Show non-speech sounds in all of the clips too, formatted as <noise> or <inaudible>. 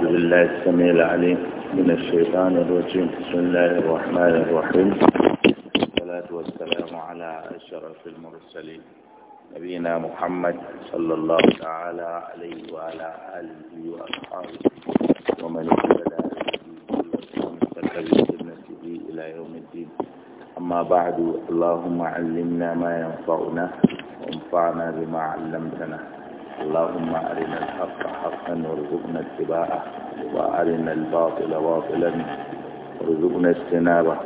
أعوذ بالله السميع العليم من الشيطان الرجيم بسم الله الرحمن الرحيم والصلاة والسلام على أشرف المرسلين نبينا محمد صلى الله تعالى عليه وعلى آله وأصحابه ومن اهتدى بسنته إلى يوم الدين أما بعد اللهم علمنا ما ينفعنا وانفعنا بما علمتنا اللهم أرنا الحق حقا وارزقنا اتباعه وأرنا الباطل باطلا وارزقنا اجتنابه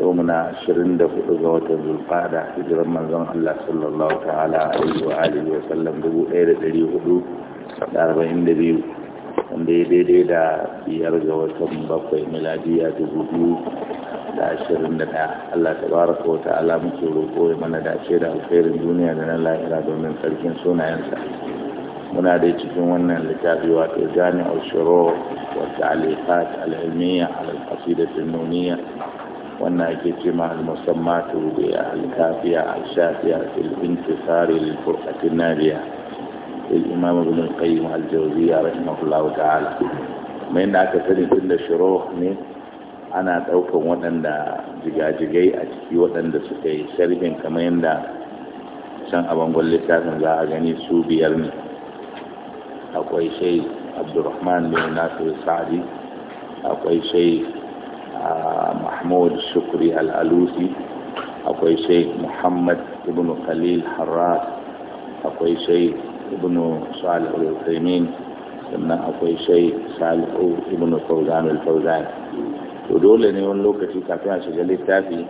يومنا عشرين دفع زوجة ذو القعدة في رمضان الله صلى الله تعالى عليه وآله وسلم دبو إيرة دليو هدو دار بين دبيو wanda daidai da biyar ga watan bakwai miladiya dubu biyu da ashirin da ɗaya Allah ta wata wa ta'ala muke roƙo ya mana dace da alkhairin duniya da na lahira domin sarkin sunayensa muna dai cikin wannan littafi wato jani al-shiro wa ta'alifat al-ilmiya al-qasidat an-nuniyya wannan ake ce ma al-musammatu bi al-kafiya al-shafiya fil الإمام ابن القيم الجوزية رحمه الله تعالى من عندك سنة الشروح ني أنا أتوقع وطن دا جيجا جيجي أتكي وطن دا سكي سريبين كمين دا سن أبان قول لك لا أغني سوبي يرمي أقوى شيء عبد الرحمن بن ناصر السعدي أقوى شيء آه، محمود شكري الألوسي أقوى شيء محمد ابن خليل حراس أقوى شيء ibnu salih al sannan akwai shai salihu ibnu fawzan al fawzan to dole ne wani lokaci kafin a shiga littafi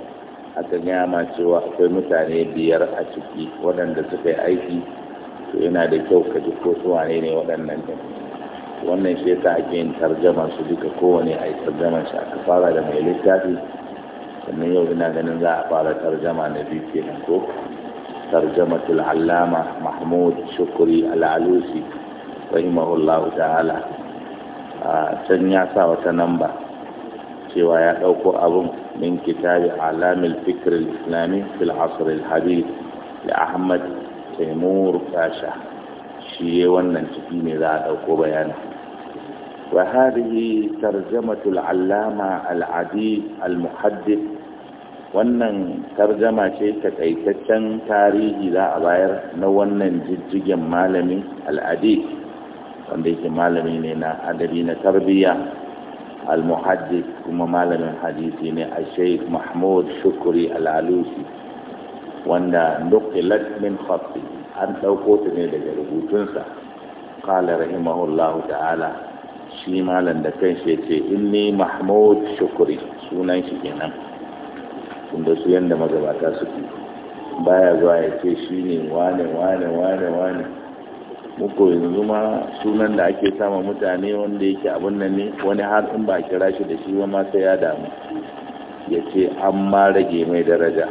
aka ga ma cewa akwai mutane biyar a ciki waɗanda suka yi aiki to yana da kyau ka ji ko su wane ne waɗannan ɗin wannan shi yasa ake yin tarjaman su duka kowane a yi tarjaman shi aka fara da mai littafi sannan yau ina ganin za a fara tarjama na biyu kenan ko ترجمة العلامة محمود شكري العلوسي رحمه الله تعالى آه، سنيا ساوة نمبا سوى يأوك أبو من كتاب أعلام الفكر الإسلامي في العصر الحديث لأحمد تيمور باشا شيء ونن تكيني ذات أوكو بيانا وهذه ترجمة العلامة العديد المحدث wannan tarjama ce takaitaccen tarihi za a bayar na wannan jijjigen malamin al'adi wanda yake malami ne na adabi na tarbiyya al-muhaddis kuma malamin hadisi ne a sheikh mahmud shukuri al-alusi wanda nukilat min khatti an ɗauko ta ne daga rubutunsa qala rahimahullahu ta'ala shi malam da kanshi yace inni mahmud shukuri sunan shi kenan tunda su yanda magabata suke baya zuwa ya ce shi ne wane wane wane wane muku yanzu ma sunan da ake sama mutane wanda yake abin nan ne wani har in ba kira shi da shi ba ma sai ya damu ya ce an ma rage mai daraja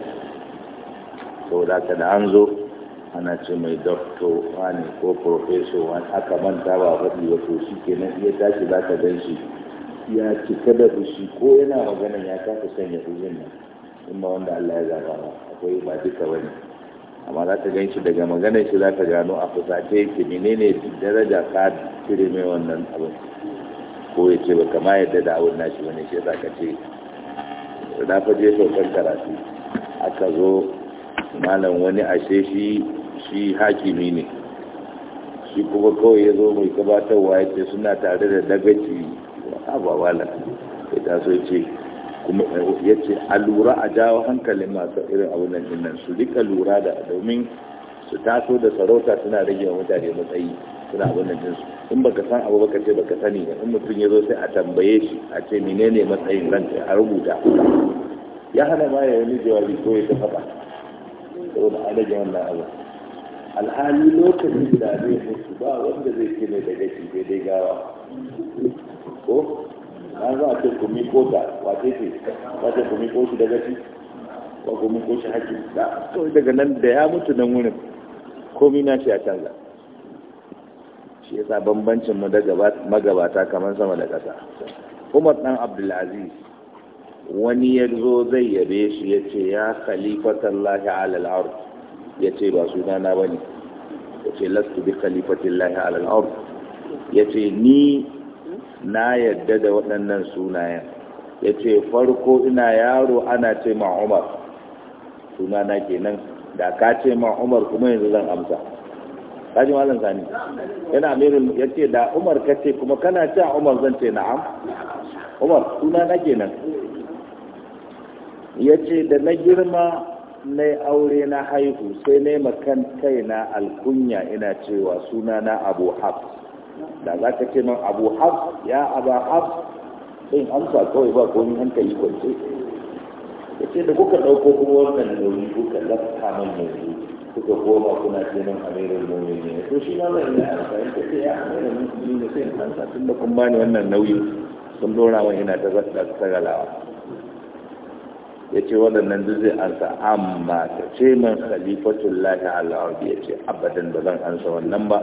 da ka da an zo ana ce mai dokto wani ko profeso wani aka manta ba faɗi ba to shi ke nan iya tashi za ka gan shi ya cika da fushi ko yana maganin ya kasa sanya fushin nan in ba wanda Allah ya zaba ba akwai ba duka bane amma za ka gan shi daga maganar shi za ka gano a fusace yake menene daraja ka cire mai wannan abin ko ya ce ba kama yadda da abin nashi bane shi za ka ce na fa je saukar karatu aka zo malam wani ashe shi shi hakimi ne shi kuma kawai ya zo mai gabatarwa ya ce suna tare da dagaci ba ba wala ya taso ce kuma eh, ya ce a lura a jawo hankalin masu irin abunan dinnan su duka lura da domin su taso da sarauta suna rage wa mutane matsayi suna abunan dinsu in baka san abu baka ce baka sani ne in mutum ya zo sai a tambaye shi a ce menene matsayin ranta a rubuta ya hana ma ya wani jawabi ko ya ta faɗa da an rage wannan abu alhali lokacin da zai mutu ba wanda zai ce mai daga shi daidai gawa ko an za a ce kumi miko ta wace ce za ta kumi miko shi daga ci ba kumi miko shi hakki da to daga nan da ya mutu nan wurin komi na shi a canza shi yasa bambancin mu daga magabata kamar sama da ƙasa Umar dan Abdulaziz wani ya zo zai yabe shi ya ce ya khalifatan lahi alal ya ce ba sunana ba ne ya ce lastu bi khalifatin lahi alal ya ce ni na yadda da waɗannan sunayen ya ce farko ina yaro ana ce ma umar sunana kenan da ka ce ma umar kuma yanzu zan amsa kaji malam sani yana mere ya ce da umar ka ce kuma kana ce a umar zan ce na'am umar sunana kenan ya ce da na girma na aure na haihu sai na makan na alkunya ina cewa sunana abu hafs da za ka ce man abu haf ya aba haf sai an amsa kawai ba komi yi kwance ya ce da kuka ɗauko kuma wannan nauyi kuka lafta man nauyi kuka goma kuna ce man amirin nauyi ne to shi ma ya yi amfani da sai ya amirin nauyi ne sai an sa tun da kun bani wannan nauyi sun dora wa ina ta tsagalawa ya ce waɗannan duk zai ansa amma ta ce man khalifatullahi ala ya ce abadan ba zan ansa wannan ba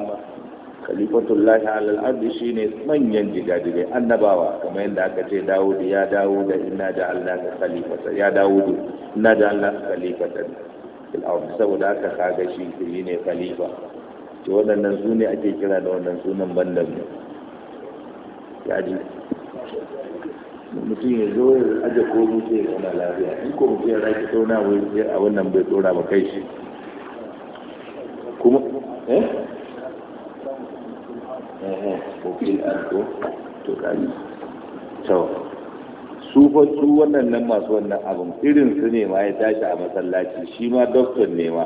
khalifatullahi alal ardi shine manyan jigajigai annabawa kamar yadda aka ce dawudu ya da inna ka kalifata ya dawudu inna ja'alnaka khalifatan fil ard saboda aka kaga shi shine khalifa to waɗannan su ake kira da wannan sunan bandan ne ya ji mutum ya zo ya aje ko zuciya ya zauna lafiya in ko mutum ya raki tsona a wannan bai tsora ba kai shi kuma eh ko eh, masu wannan abin irin su ne ma ya tashi a masallaci shi ma doktor ne ma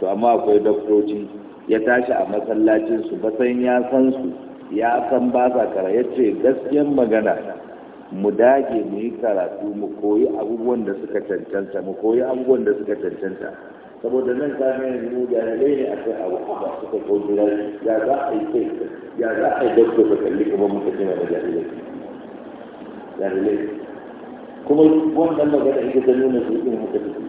to amma akwai doktoci ya tashi a masallacin su basan ya san su ya san ba sa kara ya gaskiyan magana mu dage mu yi karatu mu koyi abubuwan da suka cancanta mu koyi abubuwan da suka cancanta saboda nan ta ne yanzu mu jahilai ne akai a wata suka ko jira ya za a yi kai ya za a yi dakko ka kalli kuma muka jima da jahilai jahilai kuma wannan magana ita ta nuna su in muka tafi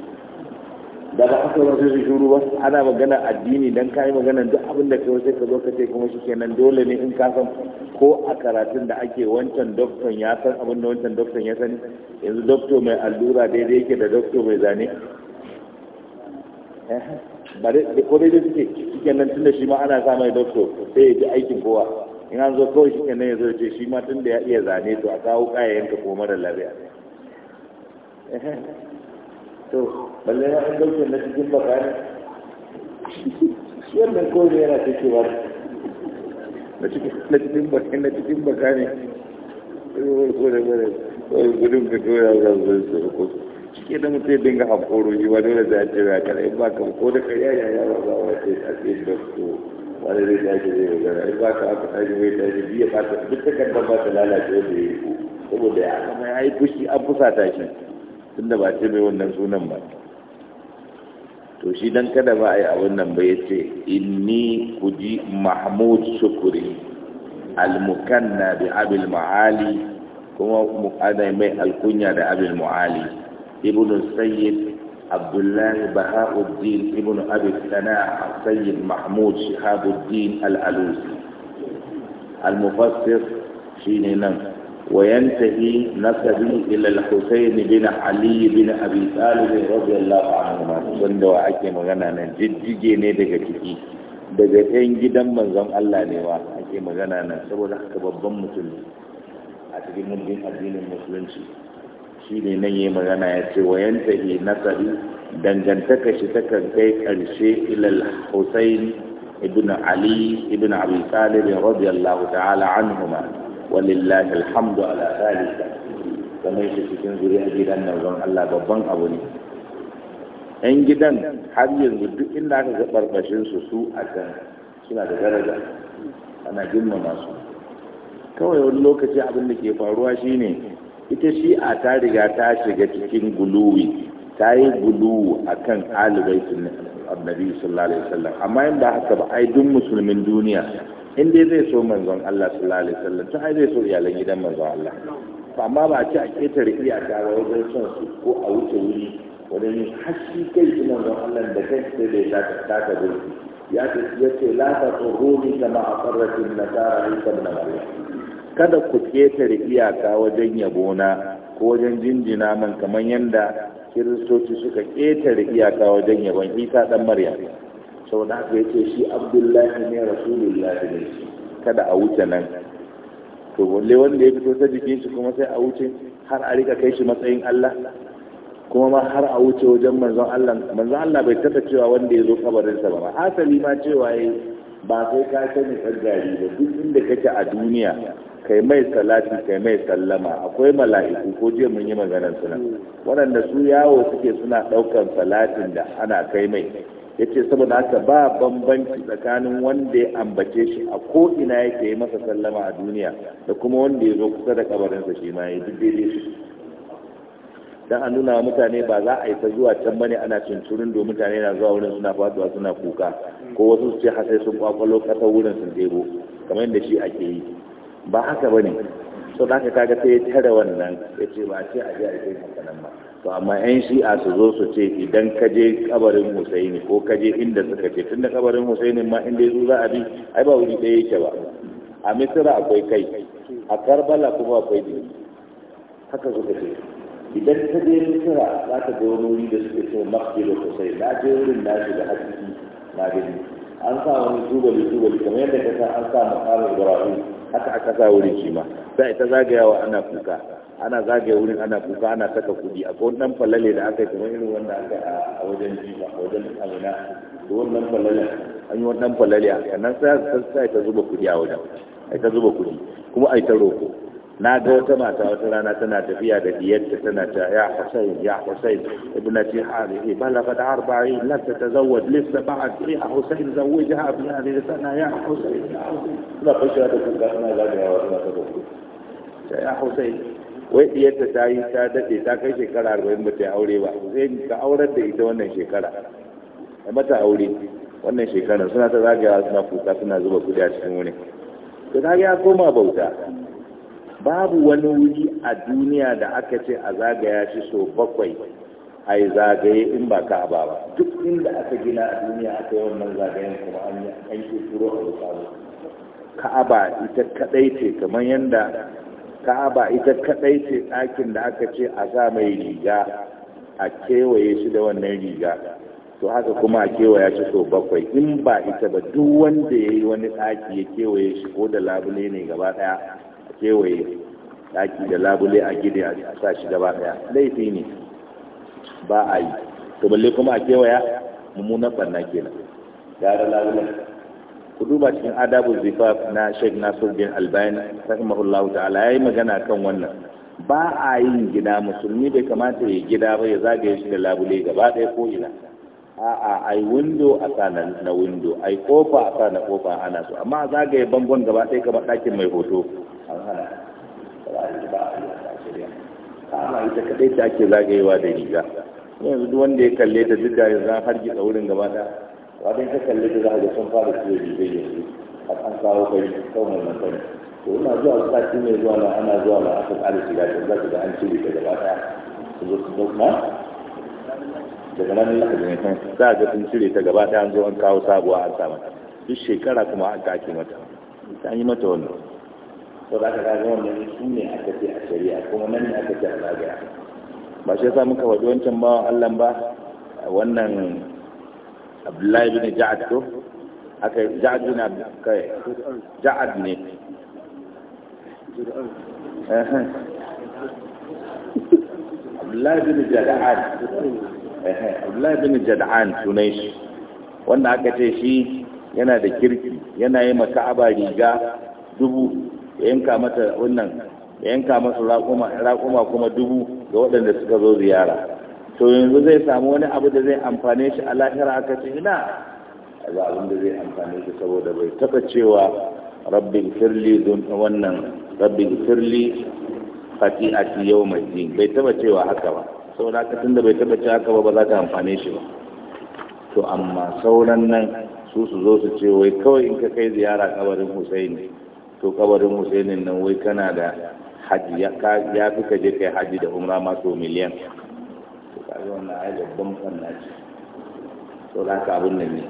da ba aka wasu sai shuru ba ana magana addini dan kai magana duk abin da kai sai ka zo ka ce kuma kenan dole ne in ka san ko a karatun da ake wancan doktor ya san abin da wancan doktor ya sani yanzu doktor mai allura daidai yake da doktor mai zane Eh? ba da ko suke nan da shi ma ana sa mai dokto sai ya ji aikin kowa in an zo kawai nan ya zo ce shi ma tun da ya iya zane to a kawo kayayen ka ko mara lafiya eh? to balle ya an dokto na cikin bakani, ne wannan kawai yana cikewa na cikin na cikin baka ko da ko da ko da gudun ka ya ko ke da mutum ya dinga haƙoro shi wani da zai ce ya kare in ba ka ko da kariya ya yawa ba a ce a ce da su wani zai tashi zai gara in ba ka haka tashi mai tashi biya ba ta duk da kan ba ta lalace wanda ya yi ko saboda ya kama ya yi fushi an fusata shi da ba ce mai wannan sunan ba to shi dan kada ba a yi a wannan ba ya ce inni ji mahmud shukuri almukanna bi abil ma'ali kuma ana mai alkunya da abil ma'ali ابن السيد عبد الله بهاء الدين ابن أبي الثناء السيد محمود شهاب الدين العلوسي المفسر في نينم وينتهي نسبي إلى الحسين بن علي بن أبي طالب رضي الله عنهما سندوا أكيم غنى نجد جيني دكتكي دكتين جدا من زم الله نوا أكيم غنى نسبو لحك ببضم مسلم أتكي مدين الدين المسلم شيء shi ne na yi magana ya ce wayan tahi nasari dangantaka shi ta kan kai karshe ilal husain ibn ali ibn abi talib radiyallahu ta'ala anhuma walillahi alhamdu ala zalika kamar shi cikin zuriya gidan nan zan Allah babban abu ne yan gidan har yanzu duk inda aka ga barbashin su su a can suna da daraja ana girmama su kawai wani lokaci abin da ke faruwa shine ita a ta riga ta shiga cikin guluwi ta yi gulu a kan ɗalibai annabi sallallahu alaihi wasallam amma yadda ba haka ba ai duk musulmin duniya in dai zai so manzon Allah sallallahu alaihi wasallam to ai zai so iyalan gidan manzon Allah to amma ba a ce a ketare iyaka ba wajen son su ko a wuce wuri wajen yin hashi kai su manzon Allah da kai sai da ta ta ta ya ce ya ce la ta tsohoni kama a farratin nasara isa ibn kada ku ƙetare iyaka wajen na ko wajen jinjina man kamar yadda kiristoci suka ƙetare iyaka wajen yabon isa dan maryam sau da haka ya ce shi abdullahi ne rasulullahi ne kada a wuce nan to wanda ya fito ta jikin shi kuma sai a wuce har a rika kai shi matsayin allah kuma ma har a wuce wajen manzon allah manzon allah bai taɓa cewa wanda ya zo kabarinsa ba ma asali ma cewa ya ba sai ka sani ba duk inda kake a duniya kai mai salati kai mai sallama akwai mala'iku ko je mun yi maganar su nan waɗanda su yawo suke suna ɗaukar salatin da ana kai mai yace saboda haka ba bambanci tsakanin wanda ya ambace shi a ko ina yake yi masa sallama a duniya da kuma wanda ya zo kusa da kabarinsa shi ma ya duk daidai shi dan an nuna mutane ba za a yi ta zuwa can bane ana cincirin do mutane na zuwa wurin suna faduwa suna kuka ko wasu su ce hasai sun kwakwalo ƙasar wurin sun ɗebo kamar yadda shi ake yi ba haka ba ne so da aka kaga sai ya tare wannan ya ce ba ce a jiya ake kai haka nan ba to amma yan shi'a su zo su ce idan ka je kabarin husaini ko ka je inda suka ce tun da kabarin husaini ma inda ya zo za a bi ai ba wuri ɗaya yake ba a misira akwai kai a karbala kuma akwai jini haka suka ce idan ka je misira za ka ga wani wuri da suka ce masjidul husaini na je wurin nashi da hakiki na gani an sa wani tubali tubali kamar yadda ka sa an sa makarar ibrahim haka aka sa wurin shi ma sai ta zagayawa ana kuka ana zagaya wurin ana kuka ana saka kudi a kowane ɗan falale da aka yi kamar irin wanda aka yi a wajen jifa a wajen amina to wannan falale an yi wannan falale a kanan sai ta zuba kudi a wajen ai ta zuba kudi kuma ai ta roko na ga wata mata wata rana tana tafiya da diyarta tana ta ya husayn ya husayn ibnati da balagat arba'in ta tatazawwaj lissa ba'd ya husayn zawwajaha abi ali sana ya husayn da kuka da kuka na ga da wata mata da ya husayn wai diyarta ta yi ta dade ta kai shekara 40 ba ta aure ba sai ka aurar da ita wannan shekara mata aure wannan shekarar suna ta zagaya suna kuka suna zuba kudi a cikin wuni to zagaya ya koma bauta babu wani wuri a duniya da aka ce a zagaya shi so bakwai a yi zagaye in ba ka ba ba duk inda aka gina a duniya aka yi wannan zagayen kuma an yi turo a wutsaro ka'aba ita kadai ce kamar yadda ka'aba ita kadai ce ɗakin da aka ce a sa mai riga a kewaye shi da wannan riga to haka kuma a kewaya shi so bakwai in ba ita ba duk wanda ya yi wani ɗaki ya kewaye shi ko da labule ne gaba ɗaya kewaye daki da labule a gida a sa shi gaba daya laifi ne ba a yi to balle kuma a kewaya mummunan barna kenan gara labule ku duba cikin adabu zifaf na sheikh nasiruddin albani rahimahullahu ta'ala yayi magana kan wannan ba a yin gida musulmi bai kamata ya gida ba ya zagaye shi da labule gaba ɗaya ko ina a'a ai windo a sa na windo ai kofa a sa na kofa ana so amma zagaye bangon gaba ɗaya kamar ɗakin mai hoto an hana ba a yi ba a yi a shirya kama ita kadai ta ake zagayewa da riga yanzu duk wanda ya kalle ta duk da yanzu har gitsa wurin gaba da wadda ta kalle ta za a ga sun fara ciwo rigar yanzu a kan kawo kai kawai mai sani to ina zuwa sati mai zuwa na ana zuwa na aka tsara shiga ta za ta ga an cire ta gaba ta su zo su zo kuma daga nan ne za a ga sun cire ta gaba ɗaya an zo an kawo sabuwa an sa mata duk shekara kuma an ake mata an yi mata wannan to za ka gane wannan su ne aka ce a shari'a kuma nan ne aka ce a zagaya ba shi yasa muka waje wancan bawan Allah ba wannan Abdullahi bin Ja'ad to aka Ja'ad bin kai Ja'ad ne <laughs> Abdullahi bin Jada'an Abdullahi bin Jada'an sunai shi wanda aka ce shi yana da kirki yana yi maka riga dubu ya yanka mata wannan ya yanka masa raƙuma kuma dubu ga waɗanda suka zo ziyara to yanzu zai samu wani abu da zai amfane shi a lahira aka ce ina ga abin da zai amfane shi saboda bai taɓa cewa rabbi firli don wannan rabbi firli fati a ci yau mai din bai taɓa cewa haka ba saboda haka tunda bai taɓa cewa haka ba ba za ka amfane shi ba to amma sauran nan su su zo su ce wai kawai in ka kai ziyara kabarin husaini to kabarin husainin nan wai kana da haji ya fi ka je kai haji da umra maso miliyan to yi wannan ai babban fannaci to da ka abin nan ne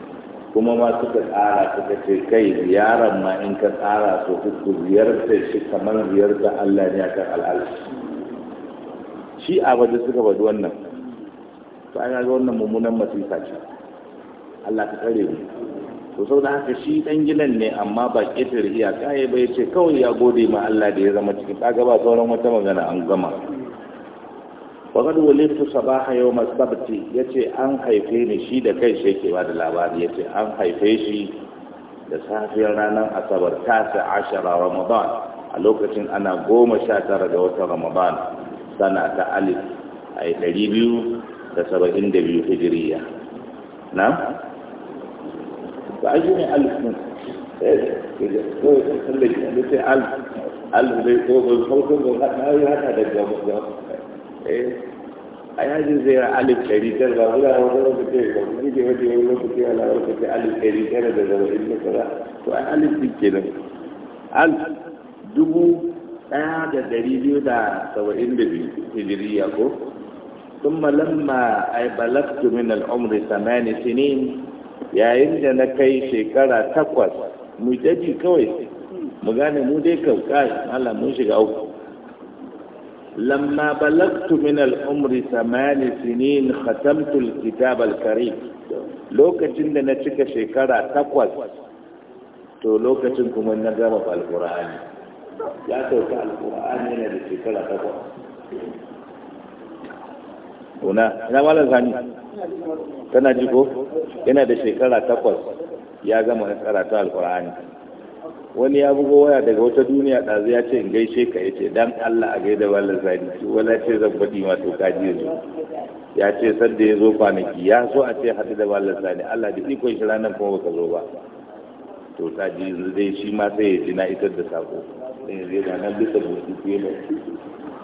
kuma ma suka tsara suka ce kai ziyarar ma in ka tsara so uku ziyartar shi kamar ziyartar Allah ne akan al'adu shi a waje suka bada wannan to ai ga wannan mummunan masifa ce Allah ka tsare mu to sau da haka shi dan gidan ne amma ba ƙetar iyaka ya bai ce kawai ya gode ma Allah da ya zama cikin kaga ba sauran wata magana an gama faqad wulidtu sabaha yawm as ya yace an haife ni shi da kai shi ke ba da labari yace an haife shi da safiyar ranar asabar tasa ashara ramadan a lokacin ana goma sha tara ga watan ramadan sana ta alif a ɗari biyu da saba'in da biyu hijiriya na ba a shi ne alif ɗin ko ya tsalla shi da sai alif alif zai ko ba na yi da gaba a eh, yaji zai alif ɗari tara ba wani ba wata lokaci lawar ka ce alif ɗari tara da zama in kaza to alif ɗin alif dubu ɗaya da ɗari biyu da saba'in da biyu hijiriya ko ثم لما بلغت من العمر ثمان سنين yayin da na kai shekara takwas mu daji kawai mu gane mu dai kaukai Allah mun shiga uku lamma balagtu min al-umri thamani sinin khatamtu al-kitab al-karim lokacin da na cika shekara takwas to lokacin kuma na gama al-qur'ani ya sauka al-qur'ani yana da shekara takwas una ina malam sani tana ji ko yana da shekara takwas ya gama karatu alkur'ani wani ya bugo waya daga wata duniya ɗazu ya ce in gaishe ka ya ce dan Allah a gaida wala zani wala ce zan faɗi ma to kaji yanzu ya ce sanda ya zo kwanaki ya so a ce haɗu da wala zani Allah da ikon shi ranar kuma baka zo ba to kaji yanzu dai shi ma sai ya ji na isar da sako sai ya zai na bisa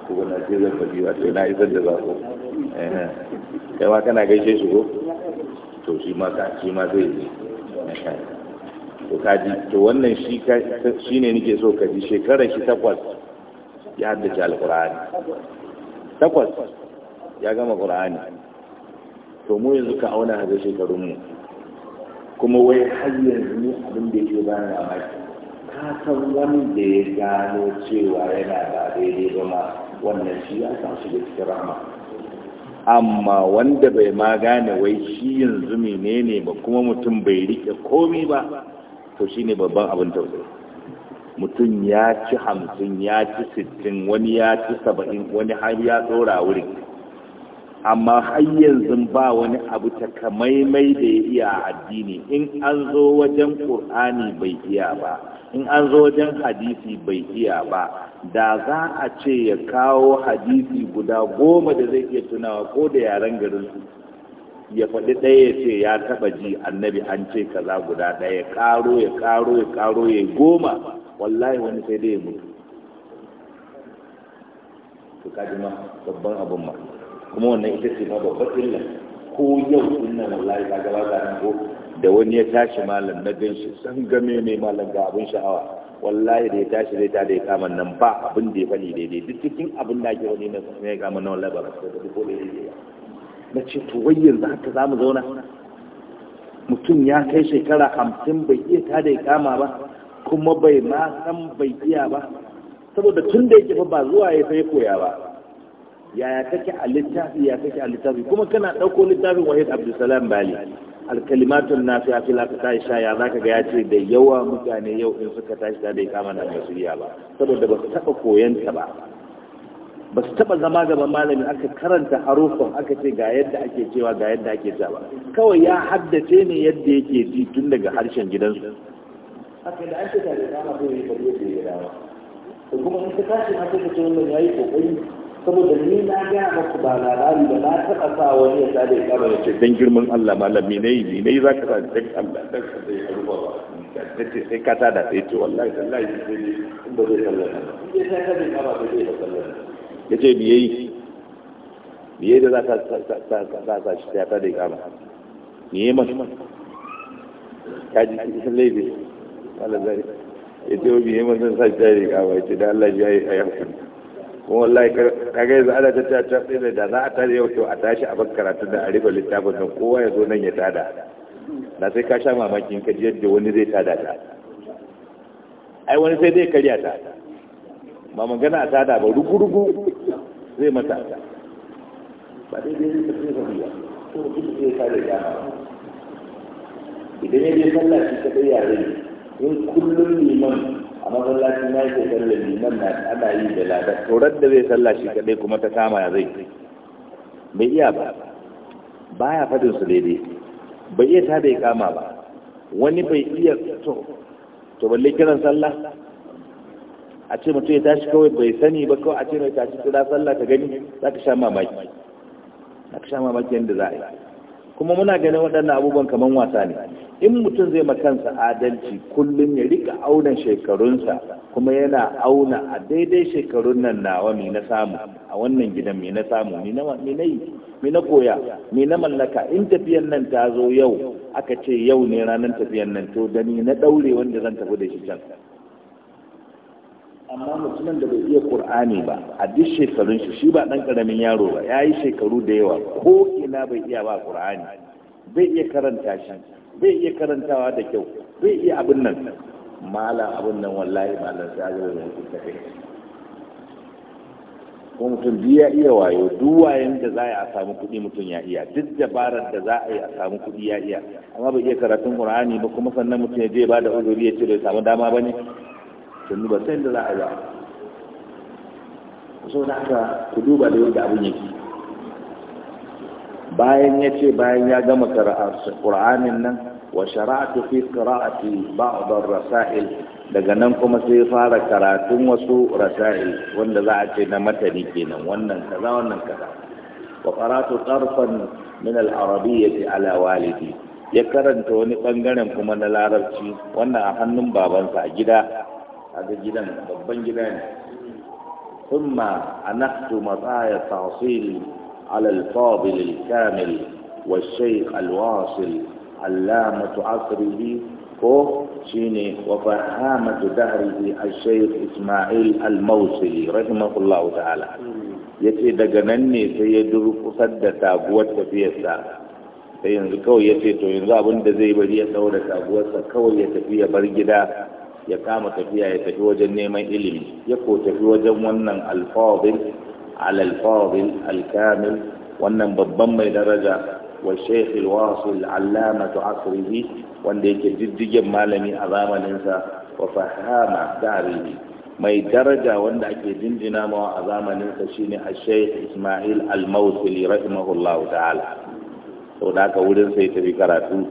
kuma na ce zan faɗi ba sai na isar da zaɓo eh, kai ma kana gaishe shi ko to shi ma shi ma zai yi eh, to kaji to wannan shi shi ne nake so ka ji. shekarar shi takwas ya haddace alƙur'ani takwas ya gama ƙur'ani to mu yanzu ka auna haka shekarunmu kuma wai har yanzu ne abin da ke bayan mamaki ka san wanda ya gano cewa yana ba daidai ba ma wannan shi ya samu shiga cikin rahama amma wanda bai ma gane wai shi yanzu menene ba kuma mutum bai rike komi ba to shine babban abin tausayi mutum ya ci hamsin ya ci sittin wani ya ci saba'in wani har ya tsora wurin amma har yanzu ba wani abu takamaimai da ya iya a addini in an zo wajen ƙur'ani bai iya ba in an zo wajen hadisi bai iya ba da za a ce ya kawo hadisi guda goma da zai iya tunawa ko da yaren garin su ya faɗi ɗaya ya ce ya taɓa ji annabi an ce kaza guda ɗaya ya ƙaro ya ƙaro ya ƙaro ya goma wallahi wani sai dai ya mutu su kaji ma babban abin ma kuma wannan ita ce ma babban illa ko yau din nan wallahi ka gaba ga nan ko da wani ya tashi malam na gan shi san game ne malam ga abin sha'awa wallahi da ya tashi zai tada ya kama nan ba abin da ya fali daidai duk cikin abin da ake wani na ya kama nan labar su da ko daidai na ce to wai yanzu haka za mu zauna mutum ya kai shekara hamsin bai iya tada ya kama ba kuma bai ma san bai iya ba saboda tun da yake ba zuwa ya sai koya ba yaya kake a littafi ya kake a littafi kuma kana ɗauko littafin wahid abdulsalam bali alkalimatun na fi afi laka ta shaya, ya ka ga ya ce da yawa mutane yau in suka tashi da bai kama nan mai suriya ba saboda ba su taba koyon ta ba ba su taba zama gaban malami aka karanta harufan aka ce ga yadda ake cewa ga yadda ake cewa kawai ya haddace ne yadda yake ji tun daga harshen gidansu haka da ake tare da kama zai yi ba zai yi da dama. kuma in ka tashi ma sai ka ce wannan yayi kokari saboda ni na gaya masu ba rari da na taɓa sa wani ya sade kama ya ce girman Allah malam me nayi me nayi zaka sa dan Allah dan ka sai ruwa ba kace sai ka da sai ce wallahi wallahi sai ne in ba zai ba ya sai ka bi kama ba zai sallama yace biyayi biyayi da za ka ta ta ta shi ta tada kama me ma masa ka ji sallai ne Allah zai yace biyayi masa sa shi ta tada kama ce da Allah ya yi ayyukan kuma wallahi kaga yanzu ana tattara ta da da za a tare yau kyau a tashi a bar karatun da a riba littafin nan kowa ya zo nan ya tada na sai ka sha mamakin ka yadda wani zai tada ta ai wani sai zai karya ta ba magana a tada ba rugu-rugu zai mata ta ba dai dai zai tafi ba ko zai tada ya idan ya je sallah shi kadai yare in kullum liman a masallaci na yake sallar liman na ana yi da lada taurar da zai sallah shi kadai kuma ta kama ya zai bai iya ba baya fadin su daidai bai iya ta bai kama ba wani bai iya to to balle kiran sallah a ce mutu ya tashi kawai bai sani ba kawai a ce mai tashi kira sallah ta gani za ka sha mamaki za ka sha mamaki yadda za a yi kuma muna ganin waɗannan abubuwan kamar wasa ne in mutum zai makansa adalci kullum ya rika auna shekarunsa kuma yana auna a daidai shekarun nan nawa mai na samu a wannan gidan mai na samu mai na koya mai na mallaka in tafiyan nan ta zo yau aka ce yau ne ranar tafiyan nan to da ni na ɗaure wanda zan tafi da shi can amma mutumin da bai iya qur'ani ba a duk shekarun shi shi ba dan karamin yaro ba yayi shekaru da yawa ko ina bai iya ba qur'ani bai iya karanta shi bai iya karantawa da kyau bai iya abin nan malam abin nan wallahi malam sai ga mai take ko mutum biya ya iya wayo duk wayen da za a samu kuɗi mutum ya iya duk dabarar da za a yi a samu kuɗi ya iya amma bai iya karatun qur'ani ba kuma sannan mutum ya je ba da uzuri ya ce bai samu dama ba ne sannu ba sai da za a yi ba so da haka ku duba da yadda abin yake bayan ya ce bayan ya gama ƙura'anin nan wa shara'atu fi qira'ati ba'd ar-rasail daga nan kuma sai fara karatun wasu rasail wanda za a ce na matani kenan wannan kaza wannan kaza wa karatu ƙarfan min ya ce ala walidi ya karanta wani ɓangaren kuma na larabci wannan a hannun babansa a gida a ga gidan babban gida ne ثم أنخت مطايا التحصيل على الفاضل الكامل والشيخ الواصل علامة عصره هو شيني وفهامة دهره الشيخ إسماعيل الموصلي رحمه الله تعالى yace daga nan ne sai ya durkusar da taguwar tafiyarsa sai yanzu kawai yace to yanzu abin da zai bari ya tsawo da taguwarsa kawai ya tafi ya bar gida ya kama tafiya ya tafi wajen neman ilimi ya ko tafi wajen wannan alfawabin alalfawabin alkamil wannan babban mai daraja wa shekhil wasul allamatu asrihi wanda yake diddigen malami a zamaninsa wa fahama tarihi mai daraja wanda ake jinjina mawa a zamaninsa shine a sheikh ismail al-mausili rahimahullahu ta'ala sau da aka wurin sai tafi karatu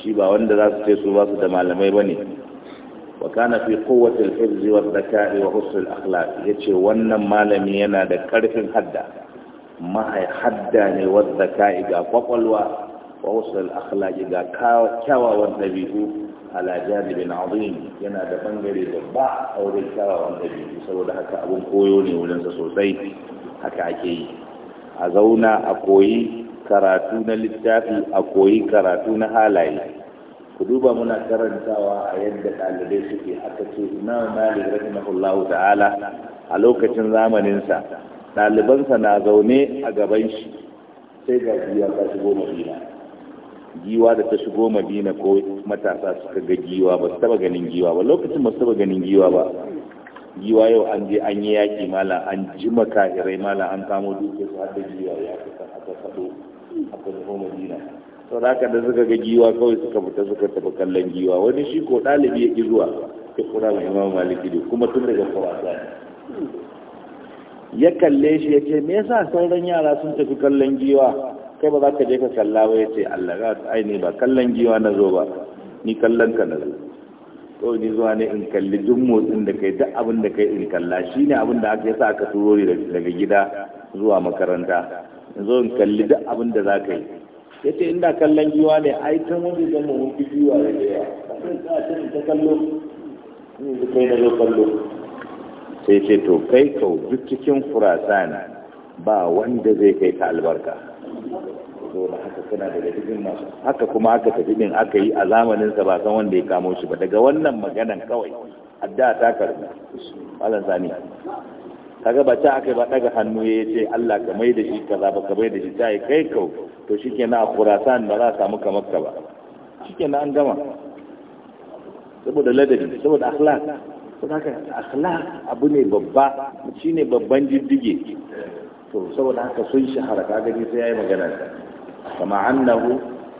shi ba wanda za su ce su ba su da malamai ba ne wa kana fi quwwati al-hifz wa al-zaka'i wa husn wannan malami yana da karfin hadda mahai hadda ne wa zaka'i ga kwakwalwa wa husn ga kyawawan dabi'u ala janibin azim yana da bangare babba a wurin kyawawan dabi'u saboda haka abun koyo ne wurin sa sosai haka ake yi a zauna a koyi karatu na littafi a koyi karatu na halaye ku duba muna karantawa a yadda ɗalibai suke aka ce imam malik rahimahullahu ta'ala a lokacin zamaninsa ɗalibansa na zaune a gaban shi sai ga giwa ta shigo madina giwa da ta shigo madina ko matasa suka ga giwa ba su taba ganin giwa ba lokacin ba su taba ganin giwa ba giwa yau an je an yi yaƙi mala, an ji irai mala. an kamo dukiyar su har da giwa ya kusan aka faɗo aka nufo madina sau da da suka ga giwa kawai suka fita suka tafi kallon giwa wani shi ko ɗalibi ya ƙi zuwa ya kura mai imam maliki da kuma tun daga kawasa ya kalle shi ya ce me yasa sauran yara sun tafi kallon giwa kai ba za ka je ka kalla ba ya ce allah ga su aini ba kallon giwa na zo ba ni kallon ka na zo kawai ni zuwa ne in kalli duk motsin da kai duk abin da kai in kalla shi ne abin da aka yasa aka turo ni daga gida zuwa makaranta zo in kalli duk abin da za ka yi ya ce inda kallon giwa ne ai tun wani zama wuki fi giwa da yawa kafin ta ce ta kallo ni da kai na zo kallo sai ce to kai kau duk cikin furasa na ba wanda zai kai ta albarka da haka kana daga cikin masu haka kuma haka tafi din aka yi a zamanin sa ba san wanda ya kamo shi ba daga wannan maganan kawai adda ta karbi sani kaga ba ta aka ba daga hannu ya ce Allah ka mai da shi kaza ba ka mai da shi ta yi kai kau to na a Khurasan ba za a samu kamar ka ba na an gama saboda ladabi saboda akhlaq saboda haka akhlaq abu ne babba shi ne babban diddige to saboda haka sun shahara kaga gani sai yayi magana kama annahu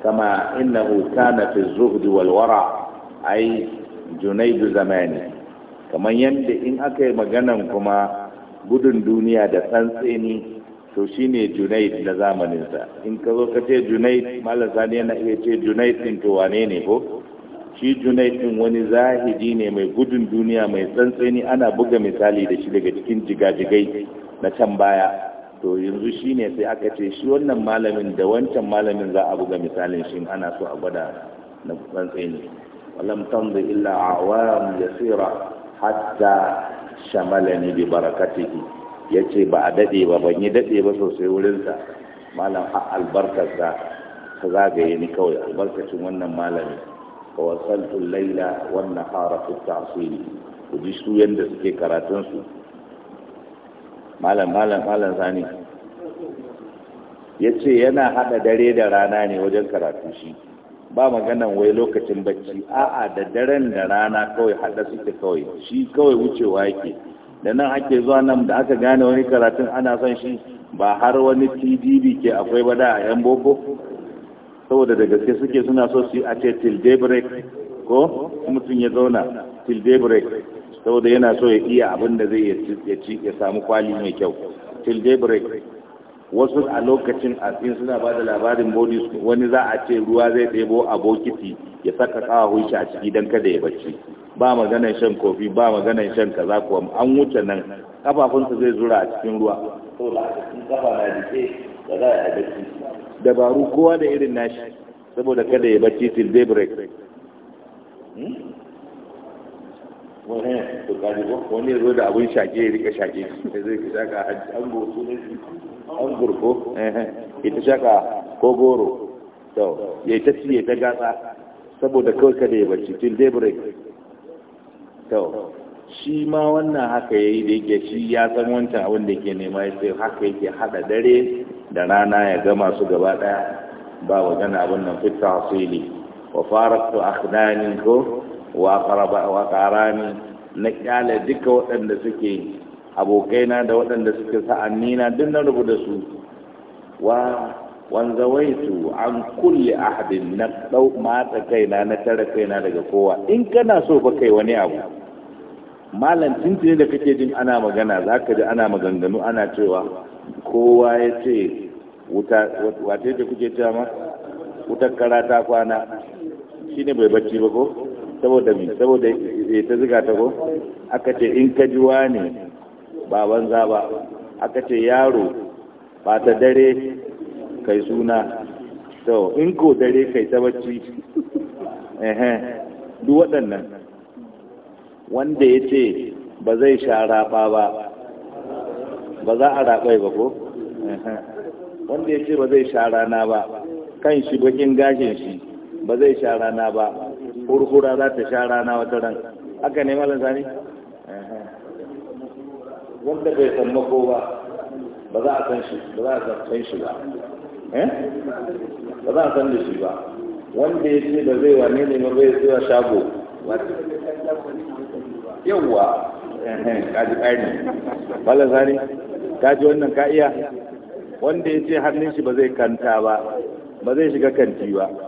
kama innahu kana fi zuhd wal wara ai junaidu zamani kamar yadda in aka yi maganan kuma gudun duniya da tsantseni to shine junaid na zamaninsa in ka zo ka ce junaid malam sani yana iya ce junaid din to wane ne ko shi junaid ɗin wani zahidi ne mai gudun duniya mai tsantseni ana buga misali da shi daga cikin jigajigai na can baya to yanzu shi ne sai aka ce shi wannan malamin da wancan malamin za a buga misalin shi ana so a gwada na tsantseni walam tanzu illa awam yasira hatta shamalani bi ya yace ba a dade ba ban yi dade ba sosai wurin ta malam a albarkarsa ta zagaye ni kawai albarkacin wannan malami wasan tun laila wannan nahara fi ta'siri ku ji su yadda suke karatun su malam malam malam sani yace yana hada dare da rana ne wajen karatu shi ba maganan wai lokacin bacci a'a da daren da rana kawai hada suke kawai shi kawai wucewa yake da nan ake zuwa nan da aka gane wani karatun ana son shi ba har wani tdb ke akwai ba da a yan boko saboda da gaske suke suna so su yi a ce till daybreak ko mutum ya zauna till daybreak saboda yana so ya iya abin da zai ya ci ya samu kwali mai kyau till daybreak wasu a lokacin in suna ba da labarin modis wani za a ce ruwa zai ɗebo a bokiti ya saka kawo hushi a ciki don kada ya bacci ba maganar shan kofi ba maganar shan kaza kuwa an wuce nan kafafunsa zai zura a cikin ruwa dabaru kowa da irin nashi saboda kada ya bacci till daybreak hmm? wani to kaji wani zo da abin shage ya rika shage da zai ka shaka an gurko an gurko ya ta shaka ko goro to ya ta ci ya ta gasa. saboda kawai kada ya bacci tun daybreak to shi ma wannan haka ya yi da yake shi ya san wancan abin da ke nema ya sai haka yake haɗa dare da rana ya gama su gaba daya ba wajen abin nan fitta hasili wa fara faraktu akhdani ko wa ƙarani na ƙyale duka waɗanda suke abokaina da waɗanda suke sa'annina duk na rubu da su wa su an kulle ahadin na ɗau matsa kaina na tara kaina daga kowa in kana so fa kai wani abu malam tuntuni da kake jin ana magana za ka ji ana maganganu ana cewa kowa ya ce wata ce kuke cewa ma wutar karata kwana shi ne bai bacci ba ko saboda mai saboda ya eh, ta ziga ta ko aka ce in ka ji wani ba banza ba aka ce yaro ba ta dare kai suna so in ko dare kai ta bacci ehe duk waɗannan wanda ya ce ba zai sha raɓa ba ba za a raɓai ba ko wanda ya ce ba zai sha rana ba kan shi bakin gashin shi ba zai sha rana ba hurhura za ta sha rana wata ran haka ne malam sani wanda bai san mako ba ba za a san shi ba za a san shi ba eh? ba za a san da shi ba wanda ya ce da zai wa ne ma bai zuwa shago yawwa kaji ƙari malam sani kaji wannan ka iya wanda ya ce hannun shi ba zai kanta ba ba zai shiga kanti ba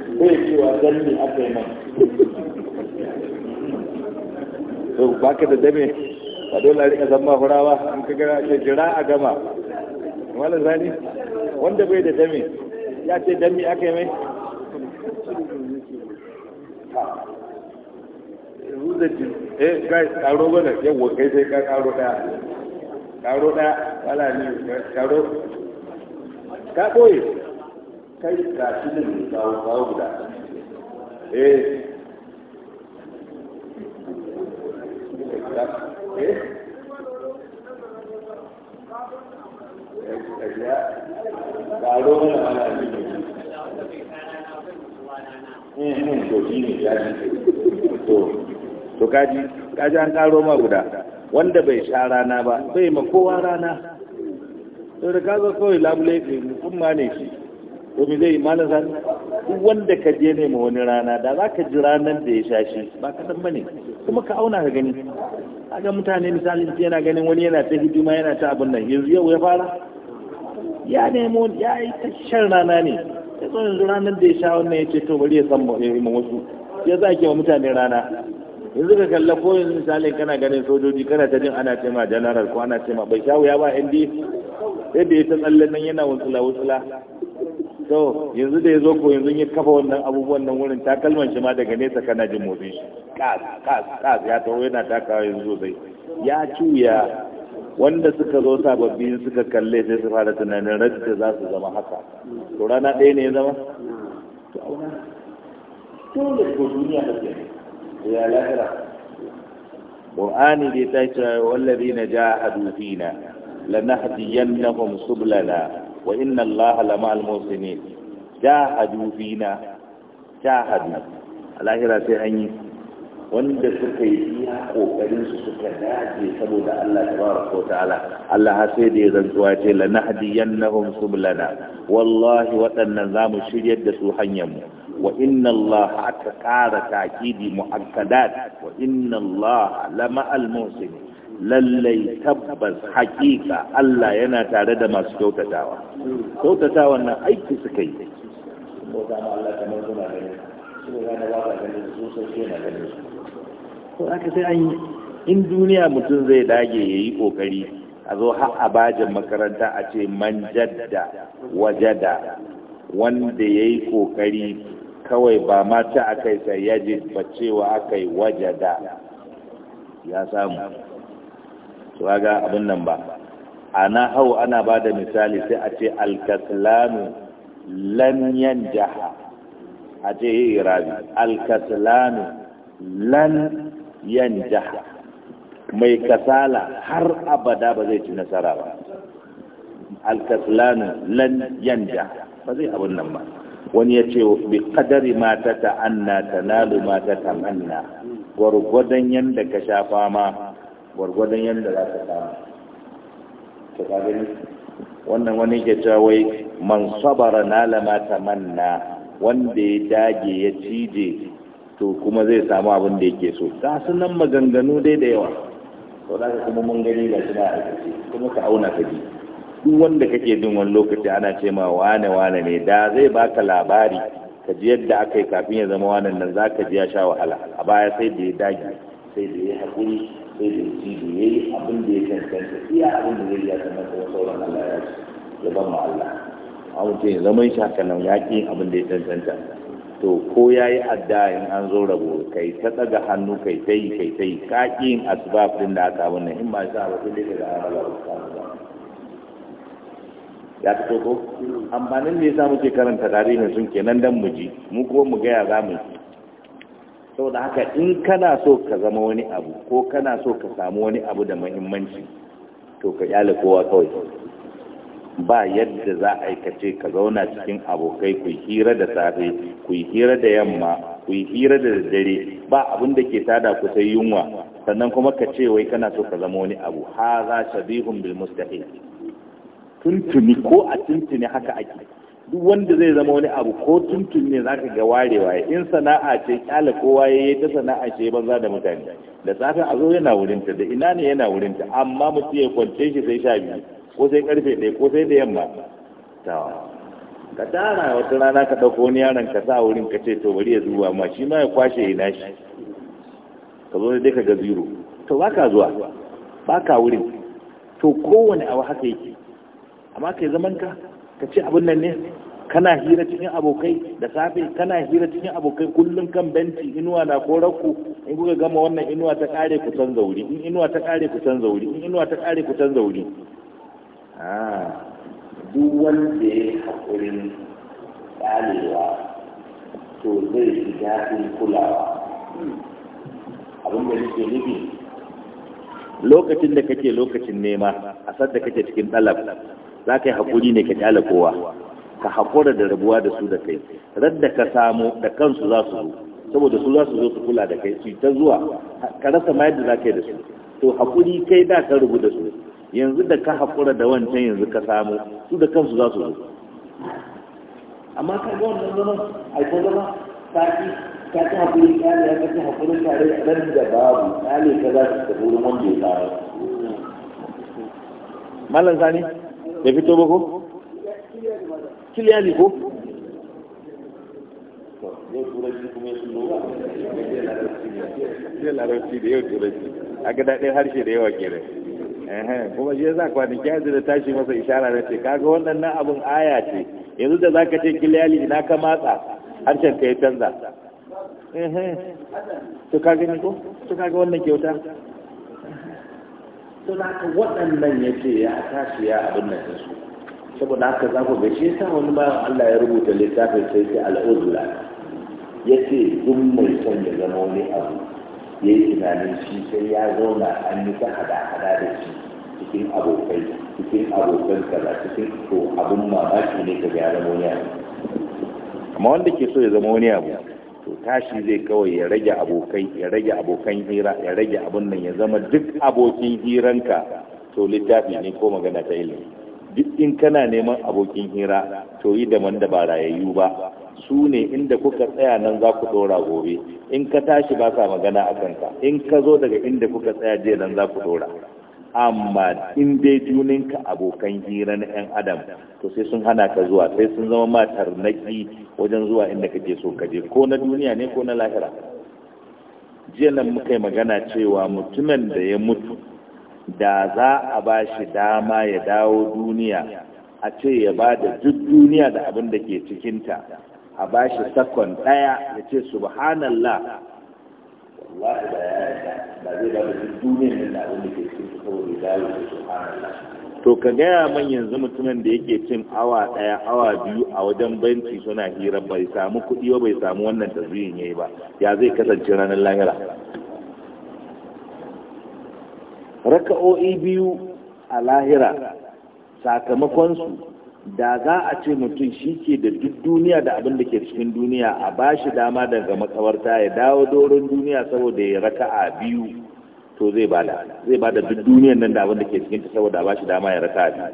bai cewa dan ne a da dame ba dole rika ka gara ce jira a gama zani wanda bai da dame ya ce aka yi mai eh guys karo sai ka karo daya karo daya wala karo ka kai ga shi ne kawo kawo guda eh eh ba ruwan mana ne eh, eh, to shi ne ya to to kaji kaji an karo ma guda wanda bai sha rana ba bai ma kowa rana to da kaga kawai labule ɗin kuma ne shi wani zai yi malam sani wanda ka je ne ma wani rana da za ka ji ranar da ya shashi ba kaɗan ba ne kuma ka auna ka gani ga mutane misali yana ganin wani yana ta hidima yana ta abin nan yanzu yau ya fara ya nemo ya yi ta shan rana ne ya zo yanzu ranar da ya sha wannan ya ce to bari ya san ma wasu ya ke wa mutane rana yanzu ka kalla ko yanzu misali kana ganin sojoji kana ta jin ana cema janaral ko ana cema bai sha wuya ba inda sai ya ta tsallan nan yana wutsula wutsula to yanzu da ya zo ko yanzu ya kafa wannan abubuwan nan wurin takalman shi ma daga nesa kana jin motsin shi kas kas kas ya taho yana takawa yanzu sosai ya cuya wanda suka zo sababbi suka kalle sai su fara tunanin radda za su zama haka to rana ɗaya ne ya zama to auna dole ko duniya da ke ya lahira Qur'ani dai ta ce wallazina jahadu fina lanahdiyannahum sublana wa inna Allah lama al-muslimin jahadu fina jahadu alahira sai an yi wanda suka yi iya kokarin su suka dace saboda Allah tabaraka wa ta'ala Allah ha sai da ya rantsuwa ce la nahdiyannahum sublana wallahi waɗannan zamu shiryar da su hanyar mu wa inna Allah ta ƙara takidi mu'akkadat wa inna Allah lama al-muslimin lallai tabbas hakika Allah yana tare da masu kyautatawa kyautatawa nan aiki suka yi ko Allah aka sai an yi in duniya mutum zai dage ya yi ƙoƙari, a zo har a bajin makaranta a ce man jadda wajada wanda yi ƙoƙari kawai ba ma ta ya sai yaji aka akai wajada ya samu to kaga abin nan ba ana hau ana ba da misali sai a ce alkaslanu lan jaha. a ce yi irabi alkaslanu lan jaha. mai kasala har abada ba zai ci nasara ba alkaslanu lan jaha. ba zai abin nan ba wani ya ce bi kadari mata ta'anna tanalu mata tamanna gwargwadon yadda ka sha fama gwargwadon yadda za ta samu ta gani wannan wani ke jawai man sabara na ta manna wanda ya dage ya cije to kuma zai samu abin da yake so ta sunan maganganu dai da yawa to za ka kuma mun gani ga shi na aikace kuma ka auna ka ji duk wanda kake bin wani lokaci ana ce ma wane wane ne da zai baka labari ka ji yadda aka yi kafin ya zama wannan nan za ka ji ya sha wahala a baya sai da ya dage sai da ya haƙuri sai da cibi ya yi abin da ya cancanta iya abin da zai ya cancanta kuma sauran Allah ya ce ya ban ma Allah a wuce zaman shaka nan ya ƙi abin da ya cancanta to ko ya yi adda in an zo rabo kai ta tsaga hannu kai ta yi kai ta yi ka ƙi yin asbab ɗin da aka wannan in ba sa ba sai dai daga an Allah ba ya fito ko amfanin da ya sa muke karanta tarihin sun kenan dan mu ji mu ko mu gaya za mu ji saboda haka in kana so ka zama wani abu ko kana so ka samu wani abu da mahimmanci to ka kyale kowa kawai ba yadda za a aikace ka zauna cikin abokai ku hira da safe ku hira da yamma ku hira da dare ba abin da ke tada ku sai yunwa sannan kuma ka ce wai kana so ka zama wani abu ha za shabihun bil mustaqim tuntuni ko a tuntuni haka ake duk wanda zai zama wani abu ko tuntun ne za ka ga warewa in sana'a ce kyala kowa ya yi ta sana'a ce banza da mutane da safin a zo yana wurinta da ina ne yana wurinta amma mutum ya kwance shi sai sha biyu ko sai karfe ɗaya ko sai da yamma ka tara wata rana ka ɗauko wani yaron ka sa wurin ka ce to bari ya zuwa ma shi ma ya kwashe ina shi ka zo dai ka ga zero to ba ka zuwa ba ka wurin to kowane abu haka yake amma kai zaman ka ka ce abin nan ne kana hira cikin abokai da safe kana hira cikin abokai kullum kan benci inuwa na ko in kuka gama wannan inuwa ta kare ku san zauri in inuwa ta kare ku san zauri in inuwa ta kare ku san zauri ah, duk wanda ya hakurin ɗalewa, to zai fi daɗin kulawa abin da nake nufi lokacin da kake lokacin nema a sadda kake cikin ɗalab za ka yi haƙuri ne ka kyale kowa ka haƙura da rabuwa da su da kai radda ka samu da kansu za su zo saboda su za su zo su kula da kai su ta zuwa ka rasa ma da za ka yi da su to haƙuri kai da ka rubu da su yanzu da ka haƙura da wancan yanzu ka samu su da kansu za su zo amma ka ga wannan zaman a ko zama ta ki ta ci ka ƙare ya ci haƙuri tare ran da babu ƙare ka za su ta wurin wanda ya tsara malam sani ya fito ba ko clearly ko yau turanci kuma ya suno yau turanci a harshe da yawa kuma shi yasa kwanaki ya da tashi masa ishara na ce kaga wannan abin aya ce yanzu da zaka ce clearly ina ka matsa harshen ka ya canza to ka gani ko to kaga wannan kyauta to na waɗannan ya ce ya tashi ya abin nan su saboda haka za ku gashi sa wani bayan Allah ya rubuta littafin sai sai al'uzla ya ce duk mai son ya zama wani abu ya yi tunanin shi sai ya zauna an yi ta hada-hada da shi cikin abokai cikin abokan kaza cikin to abun mamaki ne ka ga zama wani abu amma wanda ke so ya zama wani abu to tashi zai kawai ya rage abokai ya rage abokan hira ya rage abun nan ya zama duk abokin hiranka to littafi ne ko magana ta ilimi duk in kana neman abokin hira to yi da da ba rayayyu ba su ne inda kuka tsaya nan za ku ɗora gobe in ka tashi ba sa magana a kanka in ka zo daga inda kuka tsaya je nan za ku ɗora amma in dai juninka abokan hira na 'yan adam to sai sun hana ka zuwa sai sun zama matar naki wajen zuwa inda kake so ka je ko na duniya ne ko na lahira jiya nan muka yi magana cewa mutumin da ya mutu da za a ba shi dama ya dawo duniya a ce ya ba da duk duniya da abin da ke cikinta a ba shi sakon ɗaya ya ce subhanallah wallahi da ya ba zai ba da duk duniya da abin da ke cikinta saboda ya dawo da subhanallah to ka gaya man yanzu mutumin da yake cin awa ɗaya awa biyu a wajen banki suna hirar bai samu kuɗi ba bai samu wannan ya yi ba ya zai kasance ranar lahira raka'o'i biyu a lahira sakamakonsu da za a ce mutum shi ke da duk duniya da abin da ke cikin duniya a ba shi dama daga makawarta ya dawo doron duniya saboda ya raka'a biyu to zai bada zai bada duk duniyan nan da abin da ke cikin ta saboda a ba shi dama ya raka'a biyu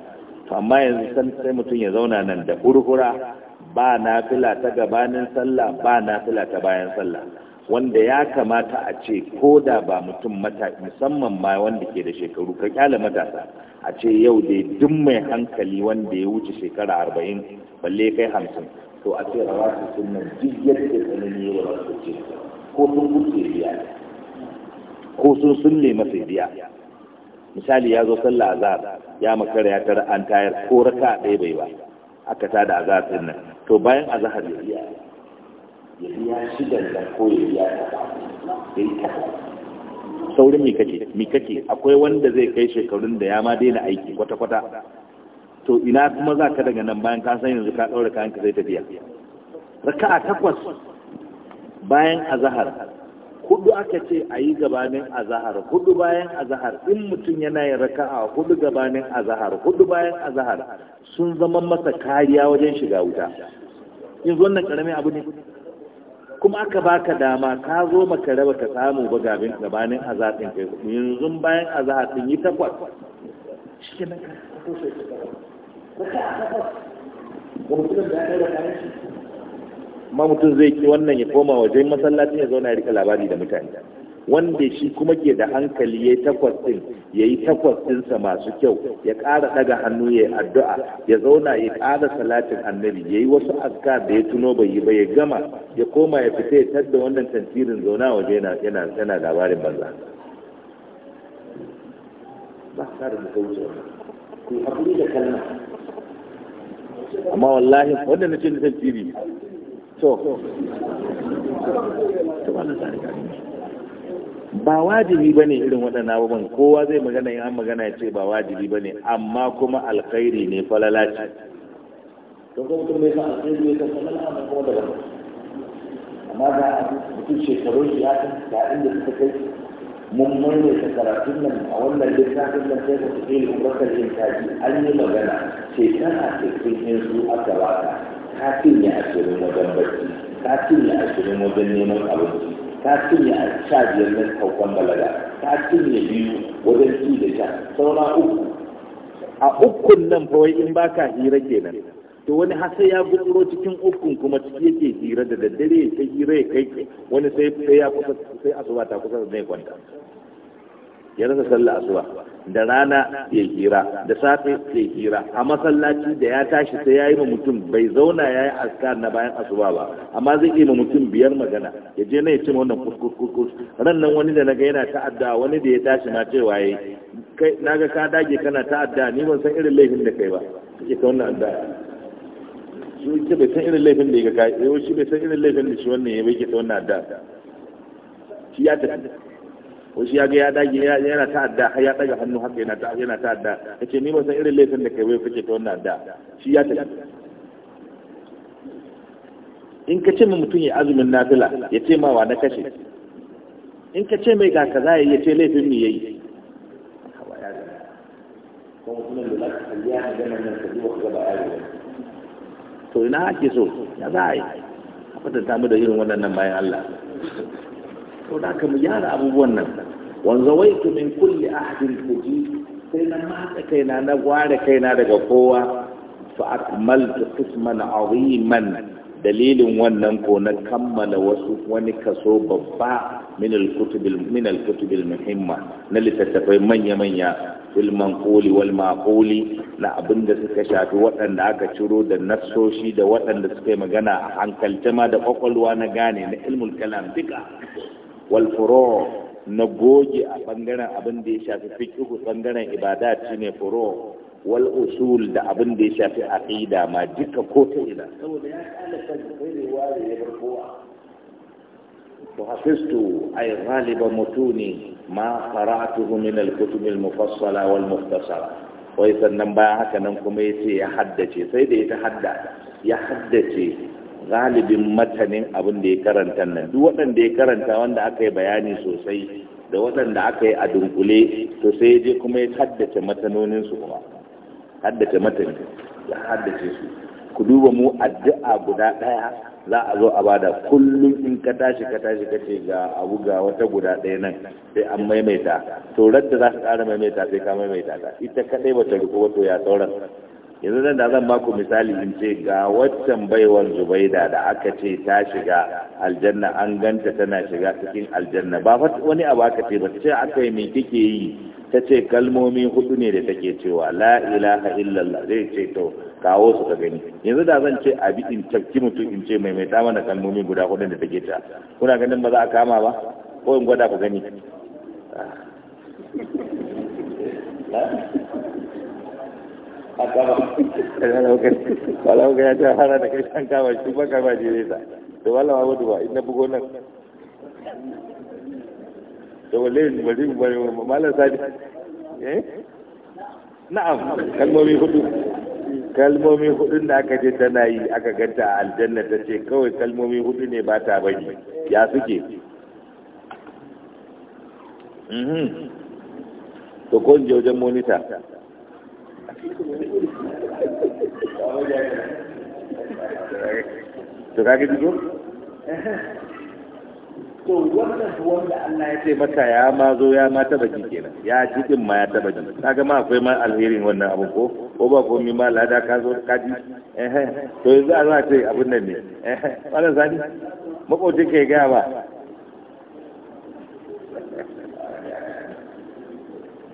to amma yanzu sai mutum ya zauna nan da hurhura ba nafila ta gabanin sallah ba nafila ta bayan sallah wanda ya kamata a ce ko da ba mutum mata musamman ma wanda ke da shekaru ka kyala matasa a ce yau dai duk mai hankali wanda ya wuce shekara arba'in balle kai hamsin to a ce rawa su sunna duk yadda tsanani yi wa su ce ko sun wuce biya ko sun nema masa biya misali ya zo sallah azhar ya makara ya tara an tayar ko raka ɗaya bai ba aka tada azhar din nan to bayan azhar ya biya ya shi shidan da ko ya biya ta ya yi ta saurin mi kake mi kake akwai wanda zai kai shekarun da ya ma daina aiki kwata-kwata to ina kuma za ka daga nan bayan ka san yanzu ka ɗaura kayan ka zai tafiya raka'a takwas bayan azahar hudu aka ce a yi gabanin azahar hudu bayan azahar in mutum yana yin raka'a hudu gabanin azahar hudu bayan azahar sun zama masa kariya wajen shiga wuta yanzu wannan karamin abu ne kuma aka baka dama ka zo maka raba ka samu ba gabin gabanin azatin kai yanzu bayan azatin yi takwas shi ne ka ma mutum zai ki wannan ya koma wajen masallacin ya zauna ya rika labari da mutane wanda shi kuma ke da hankali ya yi takwas ɗin ya yi takwas ɗinsa masu kyau ya ƙara ɗaga hannu ya yi addu'a ya zauna ya ƙara salatin annabi ya yi wasu azkar da ya tuno bai yi ba ya gama ya koma ya fita ya tadda wannan tantirin zauna waje yana labarin banza ba sa da ku haƙuri da kallon. amma wallahi wanda na ce tantiri to to ba na tsari ba wajibi bane irin waɗannan abubuwan kowa zai magana in an magana ya ce ba wajibi bane amma kuma alkhairi ne falalaci ce to ko mutum ne ka alkhairi ne ka falala da amma ga mutum shekaru shi ya san da inda suka kai mun maimaita karatun nan a wannan littafin nan sai ka tafi da bakar yin kaji an yi magana shekara cikin yin su aka baka ka ya ashirin wajen barci ka ya ashirin wajen neman abinci ta cinye a sha biyar na saukan balaga ta cinye biyu wajen ci da sha saura uku a ukun nan fa wai in ka hira kenan to wani hasa ya gudunro cikin ukun kuma ciki yake hira da daddare ya hira ya kai wani sai ya kusa sai asuba ta kusa da zai kwanta ya rasa sallah asuba da rana ya hira da safe ya hira a masallaci da ya tashi sai ya yi ma mutum bai zauna ya yi askar na bayan asuba ba amma zai yi ma mutum biyar magana ya je na ya ce wannan kurkurkurkur ran nan wani da na ga yana ta'adda wani da ya tashi ma cewa ya kai na ga ka dage kana ta'adda ni ban san irin laifin da kai ba kike ta wannan adda shi ce bai san irin laifin da ya ga kai eh shi bai san irin laifin da shi wannan ya bai ke ta wannan adda shi ya tafi wasu ya ga ya dage yana ta'adda har ya daga hannu haka yana ta yana ta'adda kace ni ba san irin laifin da kai wai kake ta wannan adda shi ya tafi in ka ce ma mutum ya azumin nafila ya ce ma wa na kashe in ka ce mai ga kaza ya ce laifin mu yayi to ina ake so ya za a yi a kwatanta mu da irin waɗannan bayan Allah to da aka mu gyara abubuwan nan wanzu wai ku min kulli ahadin kuji sai na matsa kaina na ware kaina daga kowa fa akmaltu qisman aziman dalilin wannan ko na kammala wasu wani kaso babba min al-kutubil muhimma na littattafai manya-manya fil manquli wal maquli na abinda suka shafi waɗanda aka ciro da nassoshi da waɗanda suka yi magana a hankali ma da kwakwalwa na gane na ilmul kalam duka walfuro na goge a ɓangaren abin da ya shafi fikihu ɓangaren ibada ce ne furo wal da abin da ya shafi aqida ma duka ko ta ila saboda ya kala san kai ne wale ya bar ma qara'tuhu min al kutub al mufassala wal muhtasara wai sannan baya haka nan kuma yace ya haddace sai da ya hadda ya haddace galibin matanin abin da ya karanta nan duk waɗanda ya karanta wanda aka yi bayani sosai da waɗanda aka yi a dunkule to sai je kuma ya haddace matanonin su kuma haddace matanin ya haddace su ku duba mu addu'a guda ɗaya za a zo a bada kullum in ka tashi ka tashi ka ce ga abu ga wata guda ɗaya nan sai an maimaita to radda za ka ƙara maimaita sai ka maimaita ta ita kaɗai ba ta riko ba to ya sauran yanzu zan da zan baku misali in ce ga waccan baiwar zubaida da aka ce ta shiga aljanna an ganta tana shiga cikin aljanna ba wani abu aka ce ba ce aka yi mai kike yi ta ce kalmomi hudu ne da take cewa la ilaha illallah zai ce to kawo su ka gani yanzu da zan ce abi in tafki mutum in ce mai mai ta mana kalmomi guda hudu da take ta kuna ganin ba za a kama ba ko in gwada ku gani ah. <laughs> eh? a kama ya ta hana da kai an kama shi ba kama shi ne ta to wala ma mutu ba in na bugo nan to wallahi bari bari malam sadi eh na'am kalmomi hudu kalmomi hudun da aka je tana yi aka ganta a aljanna ta ce kawai kalmomi hudu ne ba ta bari ya suke to ko je wajen monita to kage digo to wannan wanda Allah ya ce mata ya ma zo ya ma taba ji kenan ya ji din ma ya taba ji kaga ma akwai ma alherin wannan abu ko ko ba ko mi ma lada ka zo ka ji eh eh to yanzu a ce abun nan ne eh eh wannan zani makocin kai ga ba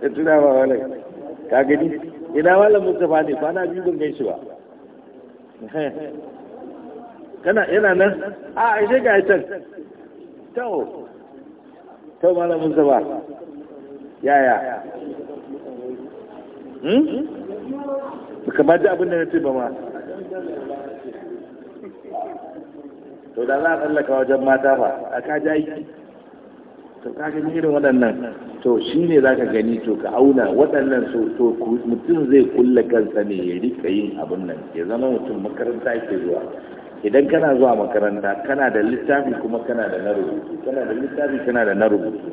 tuna ba wani ka gani ina muka ba ne kwana biyu ban gaishe ba kana yana nan a ashe ga can to to ba ya ya? hmm ba da abin da na ce ba ma to da za a tsallaka wajen mata ba a ka to kaga ga irin waɗannan to shi ne za ka gani to ka auna waɗannan so to mutum zai kulle kansa ne ya rika yin abin nan ya zama mutum makaranta ke zuwa idan kana zuwa makaranta kana da littafi kuma kana da na rubutu kana da littafi kana da na rubutu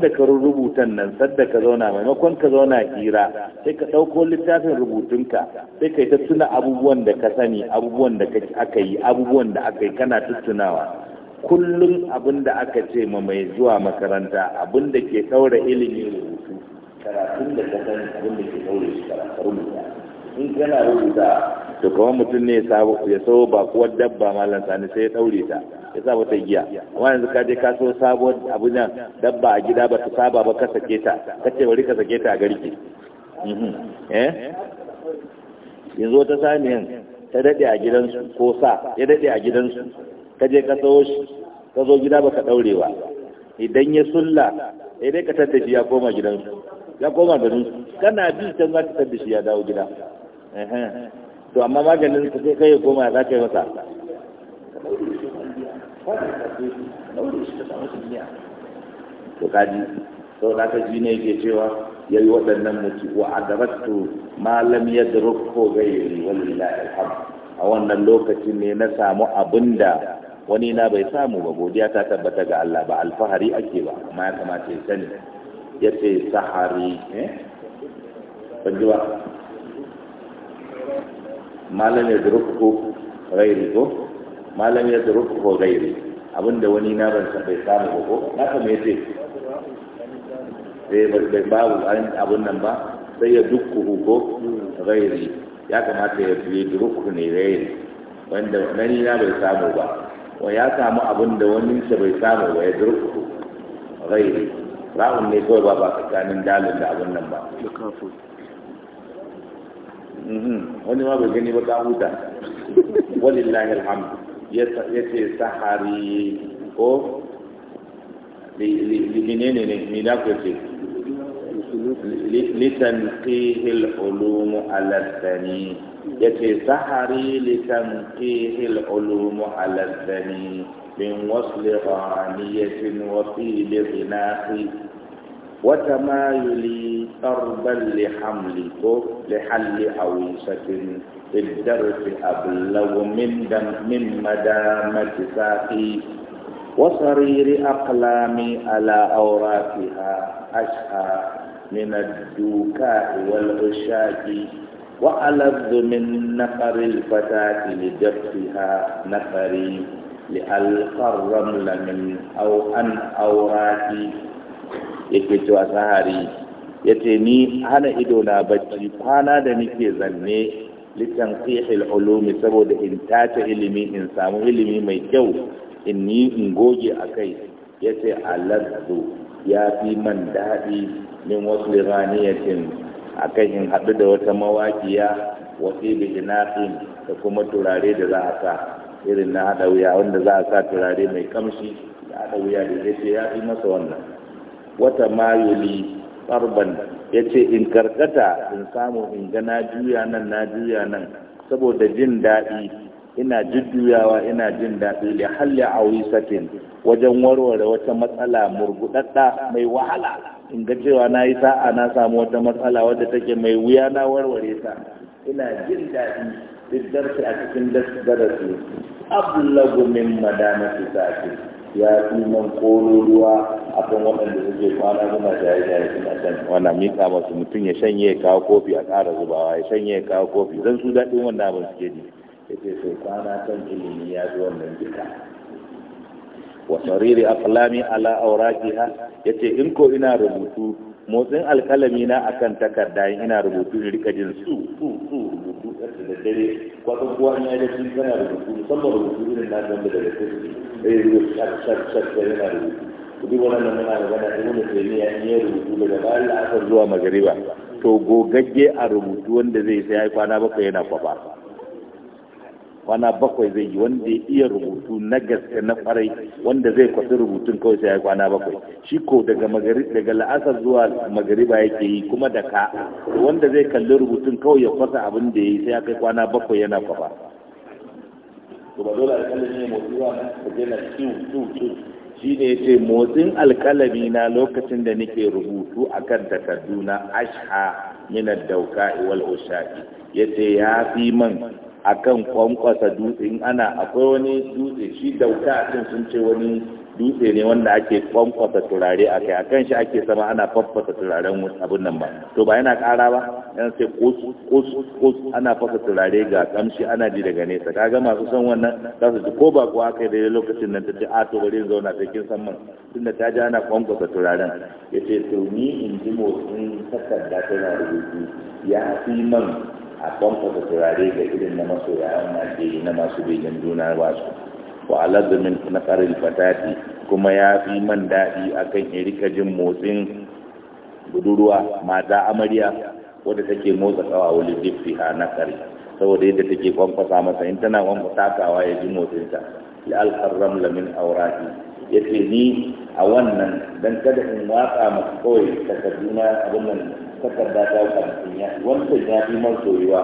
da ka rubutan nan sadda ka zauna maimakon ka zauna hira sai ka ɗauko littafin rubutunka sai ka yi ta tuna abubuwan da ka sani abubuwan da aka yi abubuwan da aka yi kana tattunawa kullum abin da aka ce ma mai zuwa makaranta abin da ke ɗaura ilimin rubutu karatun da ka san abin da ke ɗaure shi karatun rubuta in kana rubuta to kawai mutum ne ya ba bakuwar dabba malam sani sai ya ɗaure ta ya sa ta giya amma yanzu ka je ka so sabuwar abu nan dabba a gida ba ta saba ba ka sake ta ka ce bari ka sake ta a garke mhm. eh? yanzu wata saniyan ta daɗe a gidansu ko sa ya daɗe a gidansu ka je ka tsawo shi ka zo gida baka daure ba idan ya sulla sai dai ka tattashi ya koma gidansu ya koma garin su kana bi can za ka tattashi ya dawo gida to amma maganin ka sai kai koma za ka yi masa to kaji sau da ji ne ke cewa ya yi waɗannan mutu wa adabattu malam ya ko gairi wallahi alhamdu a wannan lokacin ne na samu abin da wani na bai samu ba godiya ta tabbata ga Allah ba alfahari ake ba amma ya kamata ya sani ya ce sahari eh ban ba malam ya durukku gairi ko malam ya eh, gairi abinda wani na bai samu ba ko na kama ya ce sai bai babu abin nan ba sai ya dukku ko gairi ya kamata ya fi durukku ne gairi wanda nani na bai samu ba wa ya samu abin da wani sa bai samu ba ya zurku rai. ra'un ne kawai ba ba tsakanin dalin da abin nan ba mhm. wani ma bai gani ba ka huta lahir hamdu ya ce sahari ko li ne ne ne ne da ne ne لتنقيه العلوم على الثاني يتي سحري لتنقيه العلوم على الثاني من وصل غانية وطيب غناخ وتمايلي قربا لحملك لحل عويصة في الدرس أبلغ من دم من مدامة ساقي وصرير أقلامي على أوراقها أشهى من الدوكاء والعشاق وألذ من نفر الفتاة لجبتها نفري لألقى الرمل من أو أن أوراتي يكتو أسهري يتني أنا إدونا بجي فانا دنيكي زني لتنقيح العلوم سبود إن تات علمي إن سامو علمي ميكو إني إنغوجي أكي يتي ألذ ya fi man daɗi min wasu raniyatin a kashin haɗu da wata mawaƙiya wasu bijinafin da kuma turare da za a sa irin na haɗa wuya wanda za a sa turare mai kamshi da haɗa wuya da ya ce ya fi masa wannan wata mayuli farban ya ce in karkata in samu in ga na juya nan na juya nan saboda jin daɗi ina jujjuyawa ina jin daɗi da halli a wisatin wajen warware wata matsala murguɗaɗɗa mai wahala in ga cewa na yi sa'a na samu wata matsala wadda take mai wuya na warware ta ina jin daɗi duk darsi a cikin darasi ablagu min madana fitaki ya fi man koro ruwa a kan waɗanda suke kwana suna shaye-shaye suna can. wana mika masu mutum ya shanye ya kawo kofi a ƙara zubawa ya shanye ya kawo kofi zan su daɗin wannan abin suke ji yake so kwana kan ilimi ya zo wannan duka wa sariri aqlami ala awrajiha yace in ko ina rubutu motsin alkalami na akan takarda ina rubutu in rika jin su su su rubutu da dare kwato kuwa in ya jin kana rubutu musamman rubutu irin na wanda da dare eh shak shak shak yana rubutu duk wannan muna magana ibn taymiya in ya rubutu daga bayan la'asar zuwa magariba to gogagge a rubutu wanda zai sai ya kwana bakwai yana kwafa kwana bakwai zai yi wanda ya iya rubutu na gaske na farai wanda zai kwasi rubutun kawai sai ya kwana bakwai shi ko daga magari daga la'asar zuwa magariba yake yi kuma da ka wanda zai kalli rubutun kawai ya kwasa abin da ya yi sai ya kai kwana bakwai yana kwafa to ba dole alƙalami ne motsi ba ka je na ciwo ciwo ciwo shi ne ya ce motsin alƙalami na lokacin da nake rubutu akan takardu na asha minar dauka wal usha'i ya ce ya fi man akan kwankwasa dutse in ana akwai wani dutse shi dauka a cin sun ce wani dutse ne wanda ake kwankwasa turare a kai akan shi ake sama ana faffasa turaren abin nan ba to ba yana kara ba yana sai kus kus ana fasa turare ga kamshi ana ji daga nesa kaga masu san wannan za su ji ko ba kuwa aka yi lokacin nan ta ce a to bari zauna sai kin san man tunda ta ji ana kwankwasa turaren ya ce to ni in ji motsin takarda tana rubutu ya fi man a bambata turare ga irin na maso an yi na masu begen juna ba su wa alazumin na karin fatati kuma ya fi man daɗi akan irika jin motsin budurwa mata amarya wadda take motsa kawa wani jifti a nakari saboda yadda take kwankwasa masa in tana kwankwasa kawa ya ji motsinta ya alkarram lamin aurati ya ce ni a wannan dan kada in watsa masu kawai takarduna abin nan takarda ta kamfin ya wanda ya fi man soyuwa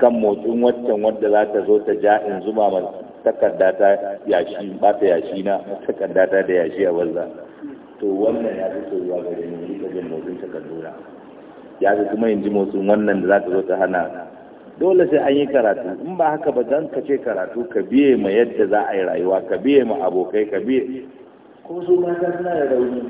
kan motsin waccan wadda za ta zo ta ja in zuba ma takarda ta yashi ba ta yashi na takarda ta da yashi a banza to wannan ya fi soyuwa ga ni ni ta jin motsin takardura ya fi kuma in ji motsin wannan da za ta zo ta hana dole sai an yi karatu in ba haka ba zan ka ce karatu ka biye ma yadda za a yi rayuwa ka biye ma abokai ka biye ko su mata suna da rauni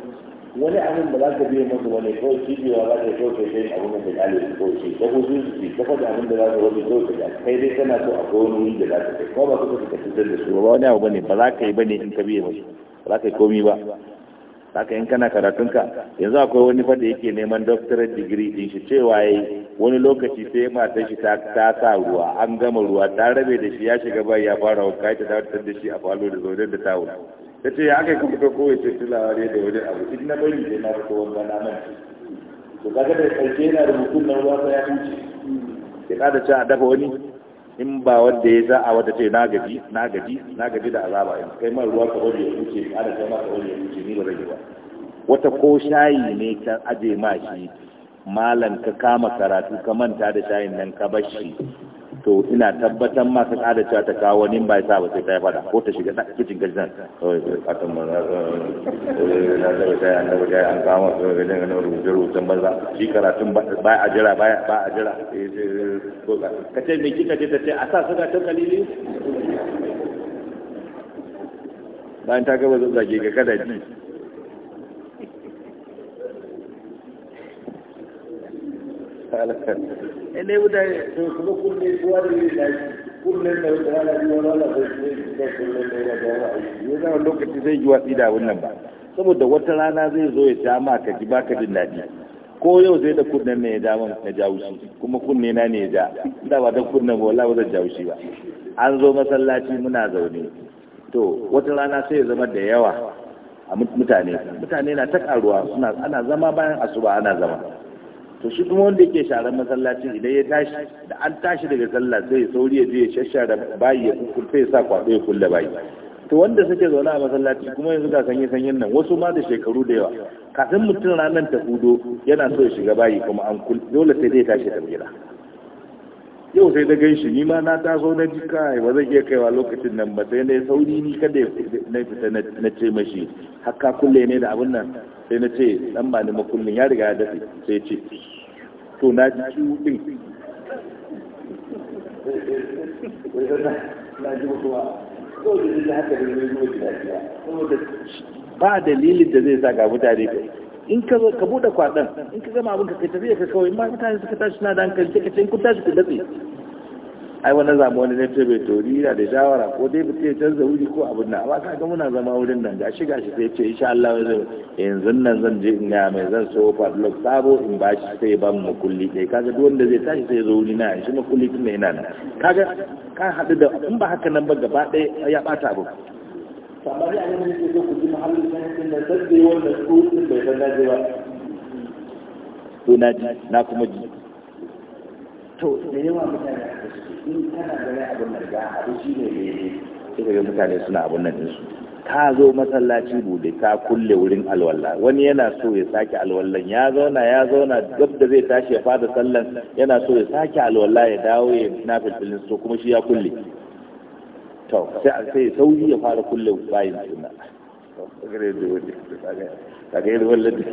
wani abin da za ka biya masa wani kawai cibiyawa za ka yi kawai kai abin da ka kale su kawai ce ta kusa su ce ta faɗi abin da za ka wani kawai ka kai dai kana so akwai wani wuri da za ka kai kawai ba ka kusa ka fitar da su ba wani abu bane ba za ka yi bane in ka biya masa ba za ka yi komi ba haka in kana karatunka yanzu akwai wani fada yake neman doctorate degree din shi cewa yayi wani lokaci sai matar shi ta ta sa ruwa an gama ruwa ta rabe da shi ya shiga bayan ya fara wanka ta dawo da shi a falo da zaune da tawul ta ce ya aka kuma ko ya ce tulawa ne da wani abu in na bari sai na fito wanda na nan to kaga da karshe yana rubutun na ruwa ta ya wuce ya da ce a dafa wani in ba wanda ya za a wata ce na gaji na gaji na gaji da azaba in kai man ruwa ka wani ya wuce da kai ma ka bari ya wuce ni ba zai ba wata ko shayi ne ta aje ma shi malam ka kama karatu ka manta da shayin nan ka bar shi to ina tabbatar ma ta kada cewa ta kawo wani bai sa ba sai ta fada ko ta shiga kicin gajin kawai a kan ba na zaba eh, ta yana ba ta an kama su ga eh, jin ganin rubuce rubucen banza shi karatun ba a jira ba a jira eh, ka ce me kika ce ta ce a sa suka ta kalili bayan ta gaba zazzage ga kada ji Thank you. lallai da wata rana zai kai ya lokaci zai yi watsi da wannan ba saboda wata rana zai zo ya ta ma ka ji baka jin daɗi ko yau zai da kunnen ne ya ja na jawushi kuma kunne na ne ya ja da ba da kunnen ba wallahi ba ba an zo masallaci muna zaune to wata rana sai ya zama da yawa a mutane mutane na ta karuwa ana zama bayan asuba ana zama to shi kuma wanda yake sharar masallacin idan ya tashi da an tashi daga sallah sai ya sauri ya je ya shashara bayi ya sai ya sa kwaɗo ya kulle bayi to wanda suke zaune a masallaci kuma yanzu ga sanye sanyen nan wasu ma da shekaru da yawa kafin mutum ranar ta hudo yana so ya shiga bayi kuma an kul dole sai dai tashi ta gida yau sai da gan shi ni ma na taso na ji kai ba zai iya kaiwa lokacin nan ba sai dai sauri ni kada na fita na ce mashi hakka kulle ne da abin nan sai na ce dan ba ni makullin ya riga ya dace sai ce to na ji ciwo ɗin ba dalilin da zai sa ga mutane ba in ka zo ka bude kwaɗan in ka gama abin ka kai tafiya ka kawai ma mutane suka tashi na da hankali ka ce in kun tashi ku datse ai wani zama wani ne bai tori yana da shawara ko dai bai canza wuri ko abin nan amma kaga muna zama wurin nan gashi gashi sai ce insha Allah zai yanzu nan zan je in ga mai zan so padlock sabo in ba shi sai ban mu kulli dai kaga duk wanda zai tashi sai zo wuri na shi mu kulli tun yana nan kaga ka hadu da in ba haka nan ba gaba ɗaya ya bata abu a ya ne ne zo ku ji mahallin sanin da sabbi wanda su bai san da ba to na ji na kuma ji to da yawa mutane in kana da abin nan ga abu shi ne daidai sai ka mutane suna abin nan ɗinsu ka zo masallaci bude ka kulle wurin alwallah wani yana so ya sake alwallan ya zauna ya zauna gab da zai tashi ya fada sallan yana so ya sake alwallah ya dawo ya na filfilin so kuma shi ya kulle to sai sai sauyi ya fara kulle bayin suna kaga yadda wani kaga yadda wani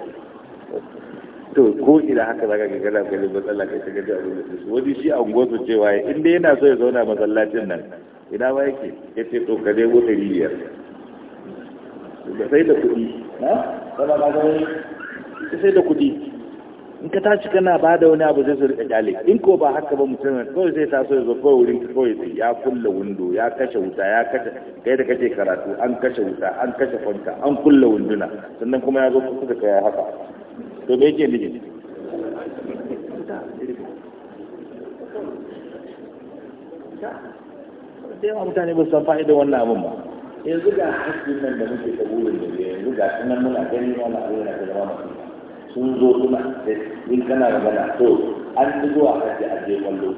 to ko ina haka zaka ga kana kalli matsala kai kaga da abin da su wani shi an gozo cewa in dai yana so ya zauna masallacin nan ina ba yake yace to ka dai wuta riya da sai da kudi na kana ba da sai da kudi in ka tashi kana ba da wani abu zai su rika kyale in ko ba haka ba mutum ko zai taso ya zo ko wurin ko kawai ya kulle windo ya kashe wuta ya kashe kai da kake karatu an kashe wuta an kashe fanka an kulle winduna sannan kuma ya zo kusa da kai haka to me yake nufi da yawa mutane ba su san fa'idar wannan abin ba yanzu ga hasken nan da muke ta burin da yanzu ga sunan muna gani wani abu yana ta zama masu sun zo suna yin kana da gana to an fi zuwa hajji a je kwallo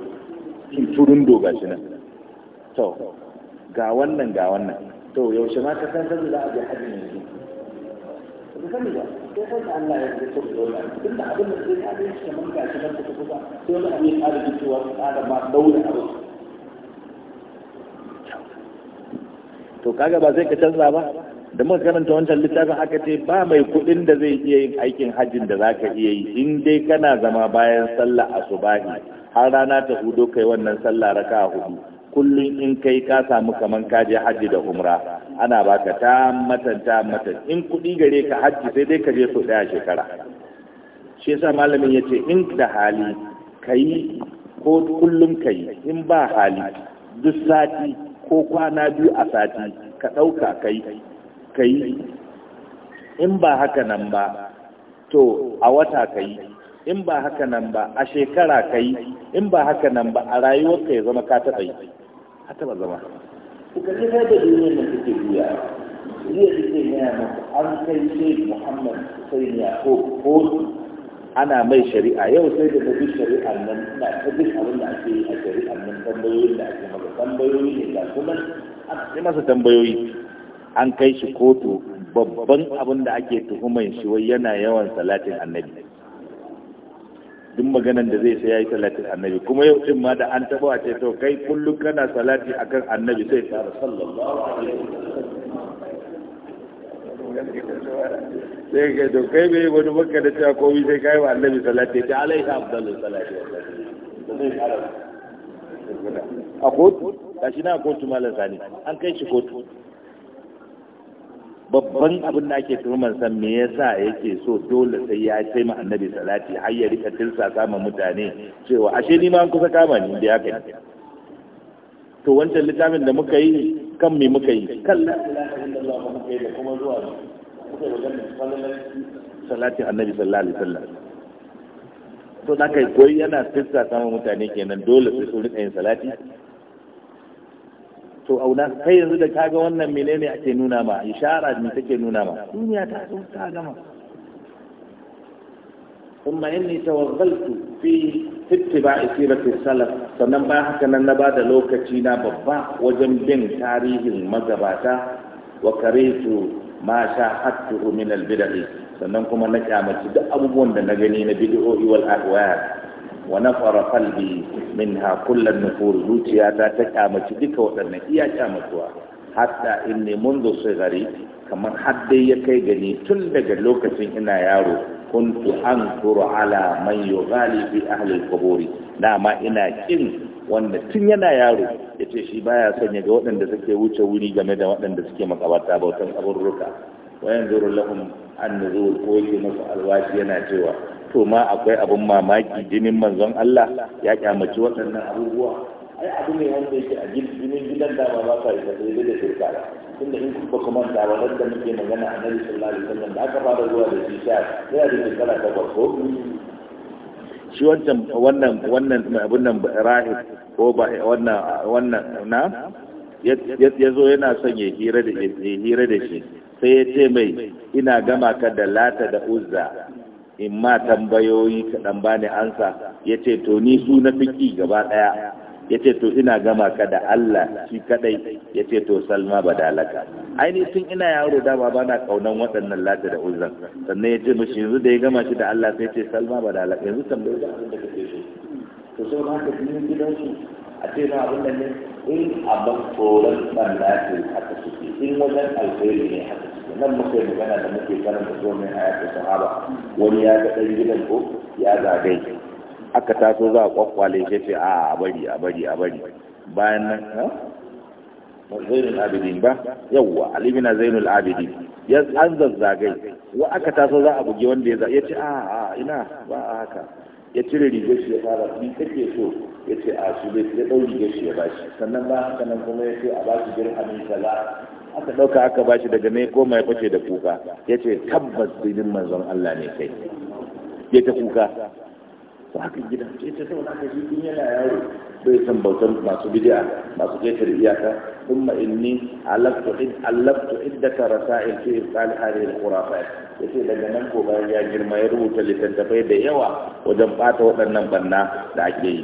in turun doga shi nan to ga wannan ga wannan to yaushe ma ka san sanda za a je hajji yanzu sani ba sai wanda Allah ya zai saboda wanda tunda abin da zai kaɗe shi kamar ga shi ta kusa sai wani abin ya ƙara jitowa su ƙara ma to kaga ba zai ka canza ba da muka karanta wancan littafin aka ce ba mai kuɗin da zai iya yin aikin hajjin da za ka iya yi in dai kana zama bayan sallah a asubahi har rana ta hudo kai wannan sallah raka hudu kullum in kai ka samu kamar ka je hajji da umra ana baka ta matan ta matan in kuɗi gare ka hajji sai dai ka je so ɗaya shekara shi yasa malamin ya ce in da hali kai ko kullum kayi in ba hali duk sati ko kwana biyu a sati ka ɗauka kai kai in ba haka nan ba to a wata kayi in ba haka nan ba a shekara kayi in ba haka nan ba a rayuwarka ya zama ka taɓa yi a taba zama ku ta da duniyar da take juya jiya da ke gaya maka an kai sai muhammad sai ya ko ana mai shari'a yau sai da tafi shari'ar nan na ta duk abin da ake yi a shari'ar nan tambayoyin da ake maka tambayoyi ne ga kuma an masa tambayoyi an kai shi kotu babban abin da ake tuhumar shi wai yana yawan salatin annabi duk maganan da zai sai yayi salatin annabi kuma yau din ma da an taba a ce to kai kullum kana salati akan annabi sai fara sallallahu alaihi wasallam sai kai to kai bai wani baka da cewa komai sai kai wa annabi salati ta alaihi afdalu salati a kotu shi na kotu malam sani an kai shi kotu babban abin da ake turman san me yasa yake so dole sai ya sai ma annabi salati har ya rika tilsa kama mutane cewa ashe ni ma an kusa kama ni da haka to wancan littafin da muka yi kan me muka yi kan la ilaha illallah muka yi da kuma zuwa muka yi salati annabi sallallahu alaihi wasallam to da kai koyi yana tilsa kama mutane kenan dole sai su rika yin salati to auna kai yanzu da kaga wannan menene ake nuna ma ishara me take nuna ma duniya ta zo ta gama kuma inni توغلت fi في sirati salaf sannan ba haka nan na ba da lokaci na babba wajen bin tarihin magabata wa karetu ma sha hattu min al sannan kuma na kyamaci duk abubuwan da na gani na bid'o'i wal ahwa wa nafara qalbi minha kull an-nufur zuciyata ta kyamaci duka waɗannan iya kyamatuwa hatta inni منذ صغري kamar har dai ya kai gani tun daga lokacin ina yaro kuntu an turu ala man yughali fi ahli al-quburi dama ina kin wanda tun yana yaro yace shi baya son ya ga waɗanda suke wuce wuri game da waɗanda suke makabata bautan kaburruka wa yanzuru lahum an nuzul ko yake musu alwashi yana cewa to ma akwai abin mamaki jinin manzon Allah ya kyamaci waɗannan abubuwa ai abu ne wanda yake a jinin gidan da ba sa yi sai da shirka tunda in kuka kuma da wannan da muke magana a nabi sallallahu alaihi wasallam da aka fara zuwa da shi sai yana da shekara ta farko shi wancan wannan wannan abun nan rahib ko ba wannan wannan na ya zo yana son ya hira da shi sai ya ce mai ina gama ka da lata da uzza in ma tambayoyi ka dan bani ansa yace to ni su na fiki gaba daya yace to ina gama ka da Allah shi kadai yace to Salma badalaka aini tun ina yaro da baba na kaunan waɗannan lata da uzan sannan yace mishi yanzu da ya gama shi da Allah sai yace Salma badalaka yanzu tambayoyi da abin da kake so to sai ma ka bi gidan su a ce na abin da ne in abin tsoron ban lati haka suke in wajen alheri ne haka nan muke magana da muke da karanta a hayatin sahaba wani ya ga ɗan gidan ko ya zagai aka taso za a kwakwale Ya ce a bari a bari a bari bayan nan zainul abidin ba yawwa alimina zainul abidin ya an zazzagai wa aka taso za a buge wanda ya ya ce a a ina ba a haka ya cire rigar shi ya fara ni kake so ya ce a su bai ya ɗau rigar shi ya bashi sannan ba haka nan kuma ya ce a bashi dirhamin kaza aka ɗauka aka bashi daga ne ko mai kwace da kuka ya ce tabbas zinin manzon Allah ne kai ya ta kuka to haka gidan ce ta zauna ka shi in yana yaro bai san bautar masu bidiya masu ƙetar iyaka thumma inni alaftu id alaftu iddaka rasail fi da hadhihi Ya ce daga nan ko bayan ya girma ya rubuta littattafai da yawa wajen bata waɗannan banna da ake yi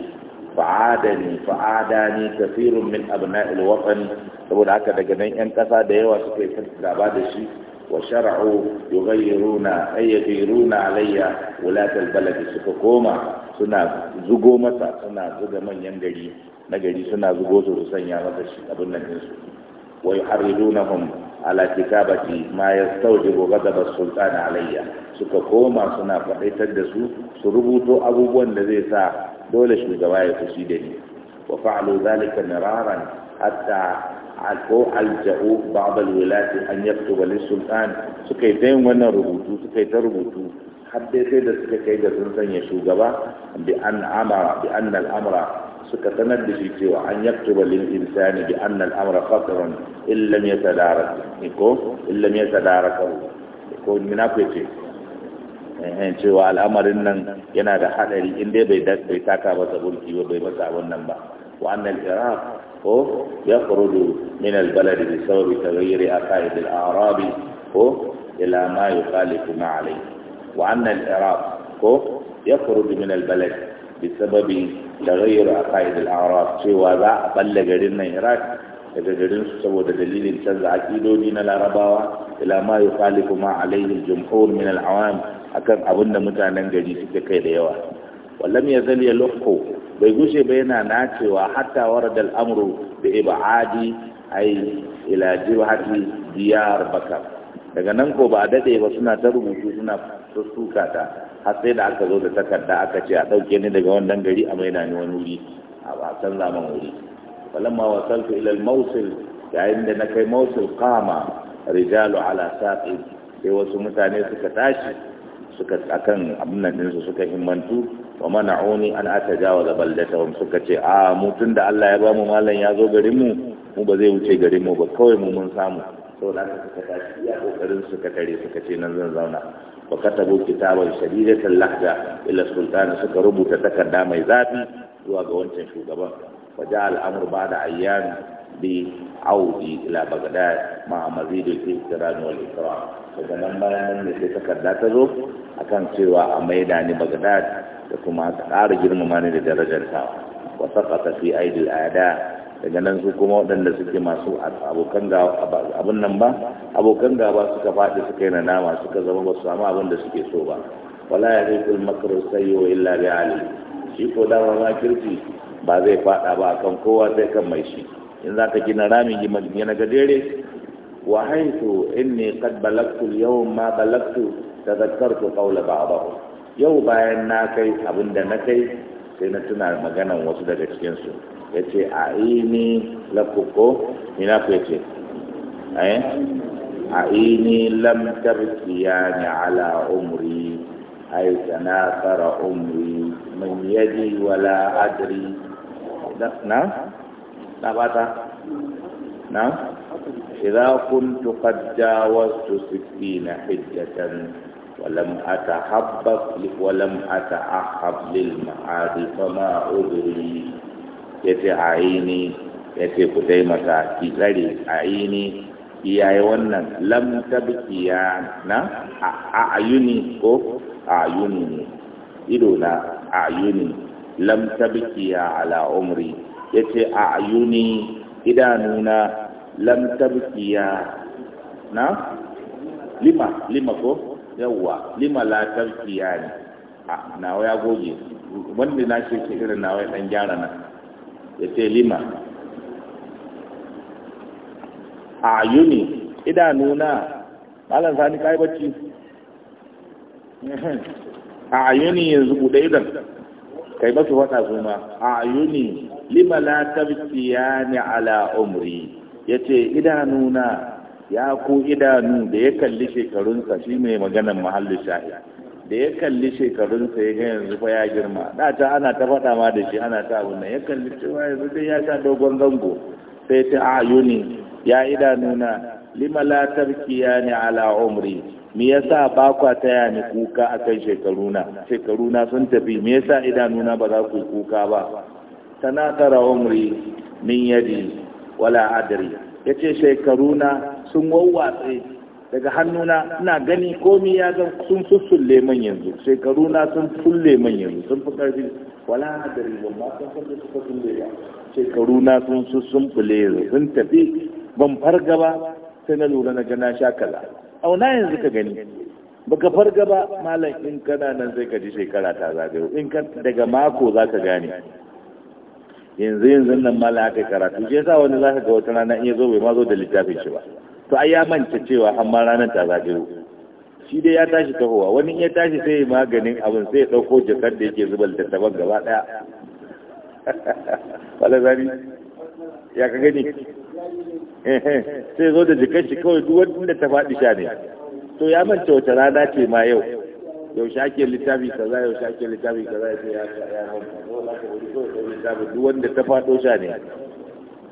fa'adani fa'adani kafirun min abna'il watan saboda haka daga nan yan kasa da yawa suke yi gaba da shi wa shar'u yughayyiruna ay yughiruna alayya wulat albalad suka koma suna zugo masa suna zuga manyan gari na gari suna zugo su su sanya masa shi abin nan din su wa yuharridunahum ala kitabati ma yastawjibu ghadab as-sultan alayya suka koma suna faɗaitar da su su rubuto abubuwan da zai sa dole shugaba ya fushi da ni wa fa'alu zalika miraran hatta ko alja'u ba'd alwilati an yaktuba sultan suka yi tayin wannan rubutu suka yi ta rubutu har dai sai da suka kai da sun sanya shugaba bi an amara bi anna al-amra suka sanar da shi cewa an yaktuba lil insani bi anna al-amra khatarun illam yatadarak ko illam yatadarakahu ko mina ko ce Eh, cewa al'amarin nan yana da haɗari inda bai bai taka masa burki ba bai masa abin nan ba wa'annan iraq ko ya furudu min albaladi bi sababi taghayyuri aqaid al-a'rabi ko ila ma yukhalifu ma alayhi wa'annan iraq ko ya furudu min albaladi bi sababi taghayyur aqaid al-a'rab cewa za a balle garin nan iraq daga garin su saboda dalilin canza akidodi na larabawa ila ma yukhalifu ma alayhi al-jumhur min al akan abin da mutanen gari suke kai da yawa wallam ya zal ya lokko bai gushe ba yana nacewa hatta waradal amru da ibadi ai ila jibhati diyar bakar daga nan ko ba a dade ba suna ta rubutu suna sussuka ta har sai da aka zo da takarda aka ce a dauke ni daga wannan gari a maida ni wani wuri a ba san zaman wuri falamma wasaltu ila al-mawsil yayin da na kai mawsil qama rijalu ala saqi sai wasu mutane suka tashi suka akan abin dinsu suka himmantu wa mana'uni an atajawaza baldatahum suka ce a mutun da Allah ya ba mu mallan ya zo garin mu mu ba zai wuce garin mu ba kawai mu mun samu da aka suka tashi ya kokarin suka tare suka ce nan zan zauna wa katabu kitaban shadidatan lahja ila sultan suka rubuta takarda mai zafi zuwa ga wancan shugaban wa ja'al amru ba'da ayyan bi audi ila bagdad ma mazidul wal ikram daga nan bayan nan ne sai takarda ta zo a kan cewa a maida ni bagdad da kuma aka ƙara girmama ni da darajarta wa saqata fi aidil ada daga nan su kuma waɗanda suke masu abokan abin nan ba abokan gaba suka faɗi suka yi na nama suka zama ba su samu abin da suke so ba wala ya zai kul makar wa illa bi ali shi ko dama ma kirki ba zai faɗa ba kan kowa sai kan mai shi in ka gina rami gina gajere وحيث إني قد بلغت اليوم ما balagtu tadhakkartu qawla ba'dahu yau bayan na kai abin da na kai sai na tuna maganan wasu daga cikinsu ya ce a ini lakuko ina ku ce a ini lam tarkiya ni ala umri ai sana fara umri min yadi wala adri na na bata na إذا كنت قد جاوزت ستين حجة ولم أتحبب ولم أتعهب للمعاد فما أدري يتعيني yace ku taimaka ki a yi ne iyaye wannan lam tabkiya na a ayuni ko a ayuni ido na a ayuni lam a lam tabkiya na lima lima ko yawwa lima la tabkiya ne a nawa ya goge wanda na shi ke irin nawa ya dan gyara nan ya ce lima a ida nuna malam sani kai bacci <laughs> a ayuni yanzu bude idan kai ba su su ma a ayuni lima la tabkiya ne ala umri ya ce idanuna ya ku idanu da ya kalli shekarunsa shi mai maganan mahallin sha'ir da ya kalli shekarunsa ya gani zufa ya girma da ta ana ta faɗa ma da shi ana ta abin ya kalli cewa yanzu dai ya sha dogon zango sai ta ayuni ya idanuna limala tarki ya ni ala umri me yasa ba kwa taya ni kuka akan shekaruna shekaruna sun tafi me yasa idanuna ba za ku kuka ba tanakara umri min yadi wala adari ya ce shekaruna sun wawwatse daga hannuna ina gani komi ya ga sun sussulle man yanzu shekaruna sun fulle man yanzu sun fi karfi wala adari ban ma san san da suka fulle ba shekaruna sun fulle yanzu sun tafi ban farga ba sai na lura na gana sha kaza auna yanzu ka gani baka farga ba malam in kana nan sai ka ji shekara ta zagayo in ka daga mako zaka gane yanzu yanzu nan ma la aka karatu shi yasa wani zaka ga wata rana in yazo bai ma zo da littafin shi ba to ai ya manta cewa har ma ranar ta zagayo shi dai ya tashi tahowa wani ya tashi sai ya maganin abin sai ya dauko jakar da yake zuba littattafan gaba daya <laughs> wala zari ya ka gani <laughs> sai zo da jikar shi kawai duk wanda ta faɗi sha ne to ya manta wata rana ce ma yau yaushe ake littafi kaza yaushe ake littafi kaza ya ce ya ya littafi duk wanda ta faɗo sha ne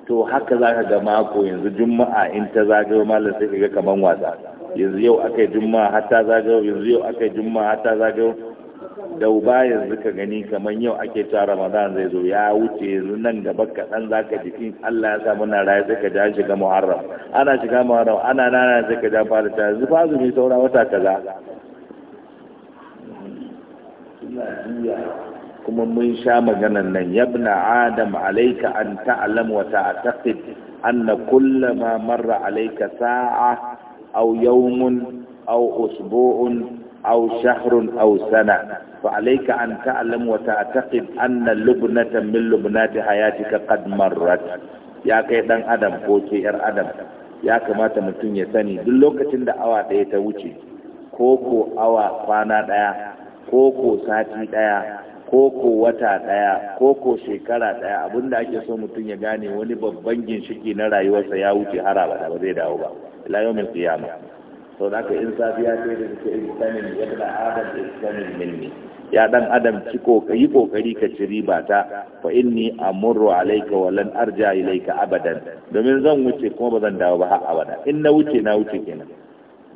to haka za ka ga mako yanzu juma'a in ta zagayo malam sai ka ga kaman wasa yanzu yau aka yi juma'a har ta zagayo yanzu yau aka yi juma'a har ta zagayo ba yanzu ka gani kamar yau ake cewa ramadan zai zo ya wuce yanzu nan gaba kaɗan za ka jiki allah ya sa muna raya sai ka ja shiga muharram ana shiga muharram ana nana sai ka ja fara ta yanzu fa saura wata kaza suna juya kuma mun sha maganar nan yabna adam alaika an ta'lam wa ta'taqid anna kullama marra alaika sa'a aw yawmun aw usbu'un aw shahrun aw sana fa alayka an ta'lam wa ta'taqid anna lubnatan min lubnati hayatika qad marrat ya kai dan adam ko ke yar adam ya kamata mutum ya sani duk lokacin da awa daya ta wuce ko ko awa kwana daya ko ko sati ɗaya ko ko wata ɗaya ko ko shekara ɗaya abinda ake so mutum ya gane wani babban ginshiki na rayuwarsa ya wuce har abada ba zai dawo ba ila yawmin qiyama to da ka in safiya sai da take istamin ya da adam istamin minni ya dan adam ci kokari kokari ka ci riba ta fa inni amuru alayka wa lan arja ilayka abadan domin zan wuce kuma ba zan dawo ba har abada in na wuce na wuce kenan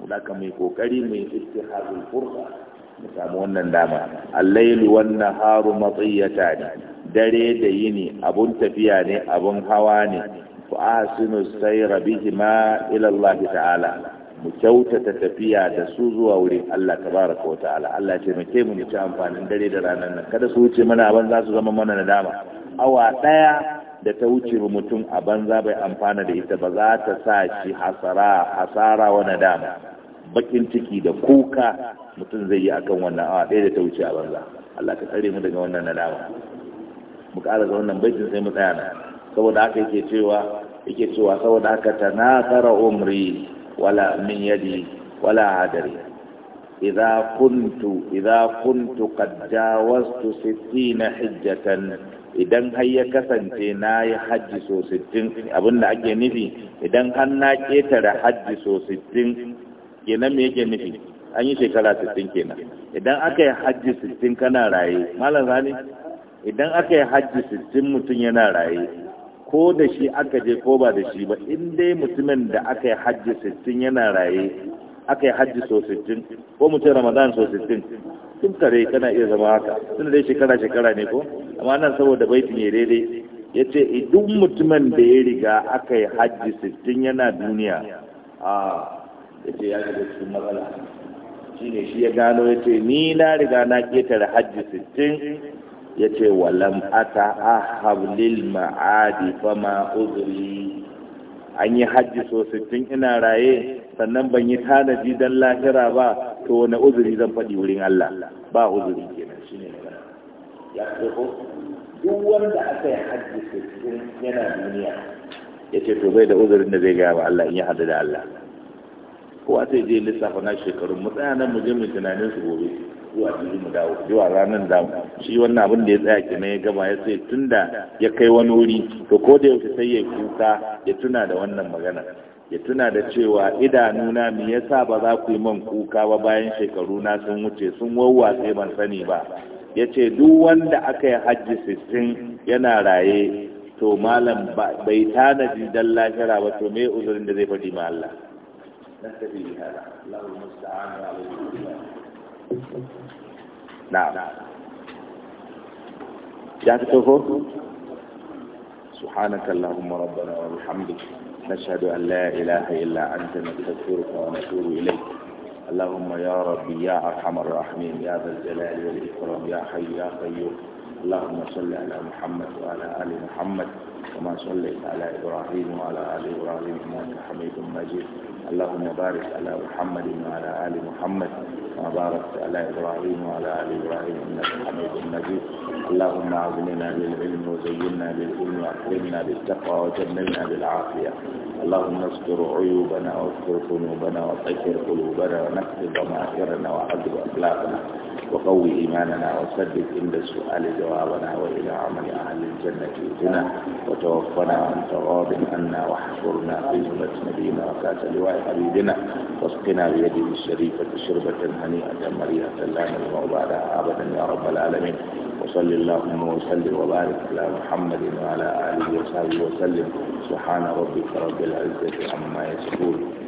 da ka mai kokari mai istihadul fursa mu samu wannan dama allailu wan naharu matiyata ne dare da yini abun tafiya ne abun hawa ne fa ahsinu sayra bihima ila Allah ta'ala mu kyautata tafiya da su zuwa wurin Allah tabaraka wa ta'ala Allah ce mu ke mu ci amfanin dare da ranar nan kada su wuce mana abin za su zama mana nadama awa daya da ta wuce ba mutum a banza bai amfana da ita ba za ta sa shi hasara hasara wa nadama bakin ciki da kuka mutum zai yi akan wannan awa ɗaya da ta wuce a banza Allah ka tsare mu daga wannan nadama mu ƙara ga wannan baitin sai mu tsaya na saboda haka yake cewa yake cewa saboda haka tanasara umri wala min yadi wala hadari idza kuntu idza kuntu qad jawaztu 60 hijjatan idan har ya kasance na yi hajji so 60 abinda ake nufi idan har na ketare hajji so 60 kenan me yake nufi an yi shekara 60 kenan idan aka yi hajji 60 kana raye malam zani idan aka yi hajji 60 mutum yana raye ko da shi aka je ko ba da shi ba in dai mutumin da aka yi hajji 60 yana raye aka yi hajji so 60 ko mutum ramadan so 60 tun kare kana iya zama haka tun dai shekara shekara ne ko amma nan saboda baitin ya daidai ya ce idan mutumin da ya riga aka yi hajji 60 yana duniya a ah, ya ce ya shiga cikin matsala shi ne shi ya gano ya ce ni na riga na ƙetare hajji sittin ya ce walam ata ahab lil ma'adi fama uzuri an yi hajji so sittin ina raye sannan ban yi tanadi don lahira ba to wani uzuri zan faɗi wurin Allah ba uzuri kenan shi ne ya ko oh, duk wanda aka yi hajji sittin yana duniya ya ce to bai da uzurin da zai gaya wa Allah in ya hadu da Allah kowa sai je lissafa na shekarun mu tsaya nan mu je mu tunanin su gobe zuwa jiri mu dawo zuwa ranar dawo shi wannan abin da ya tsaya kenan ya gama ya ce tunda ya kai wani wuri to ko da yaushe sai ya kuka ya tuna da wannan magana ya tuna da cewa idanuna me yasa ba za ku yi man kuka ba bayan shekaru na sun wuce sun sai ban sani ba ya ce duk wanda aka yi hajji sittin yana raye to malam bai tanadi dan lahira ba to me uzurin da zai faɗi ma Allah نكتفي بهذا له المستعان وعليه نعم, نعم. يا تكفو سبحانك اللهم ربنا وبحمدك نشهد أن لا إله إلا أنت نستغفرك ونتوب إليك اللهم يا ربي يا أرحم الراحمين يا ذا الجلال والإكرام يا حي يا قيوم اللهم صل على محمد وعلى آل محمد كما صليت على إبراهيم وعلى آل إبراهيم إنك حميد مجيد اللهم بارك على محمد وعلى آل محمد كما باركت على إبراهيم وعلى آل إبراهيم إنك حميد مجيد اللهم أعزمنا بالعلم وزينا بالعلم وأكرمنا بالتقوى وجنبنا بالعافية اللهم اذكر عيوبنا واذكر ذنوبنا وطهر قلوبنا ونقض ضمائرنا وعذب أخلاقنا وقوي إيماننا وسدد عند السؤال جوابنا وإلى عمل أهل الجنة إذنا وتوفنا وأنت راض عنا وحشرنا في زمرة نبينا وكاس لواء حبيبنا واسقنا بيده الشريفة شربة هنيئة مريئة لا نزمع بعدها أبدا يا رب العالمين وصل اللهم وسلم وبارك على محمد وعلى آله وصحبه وسلم سبحان ربك رب العزة عما يصفون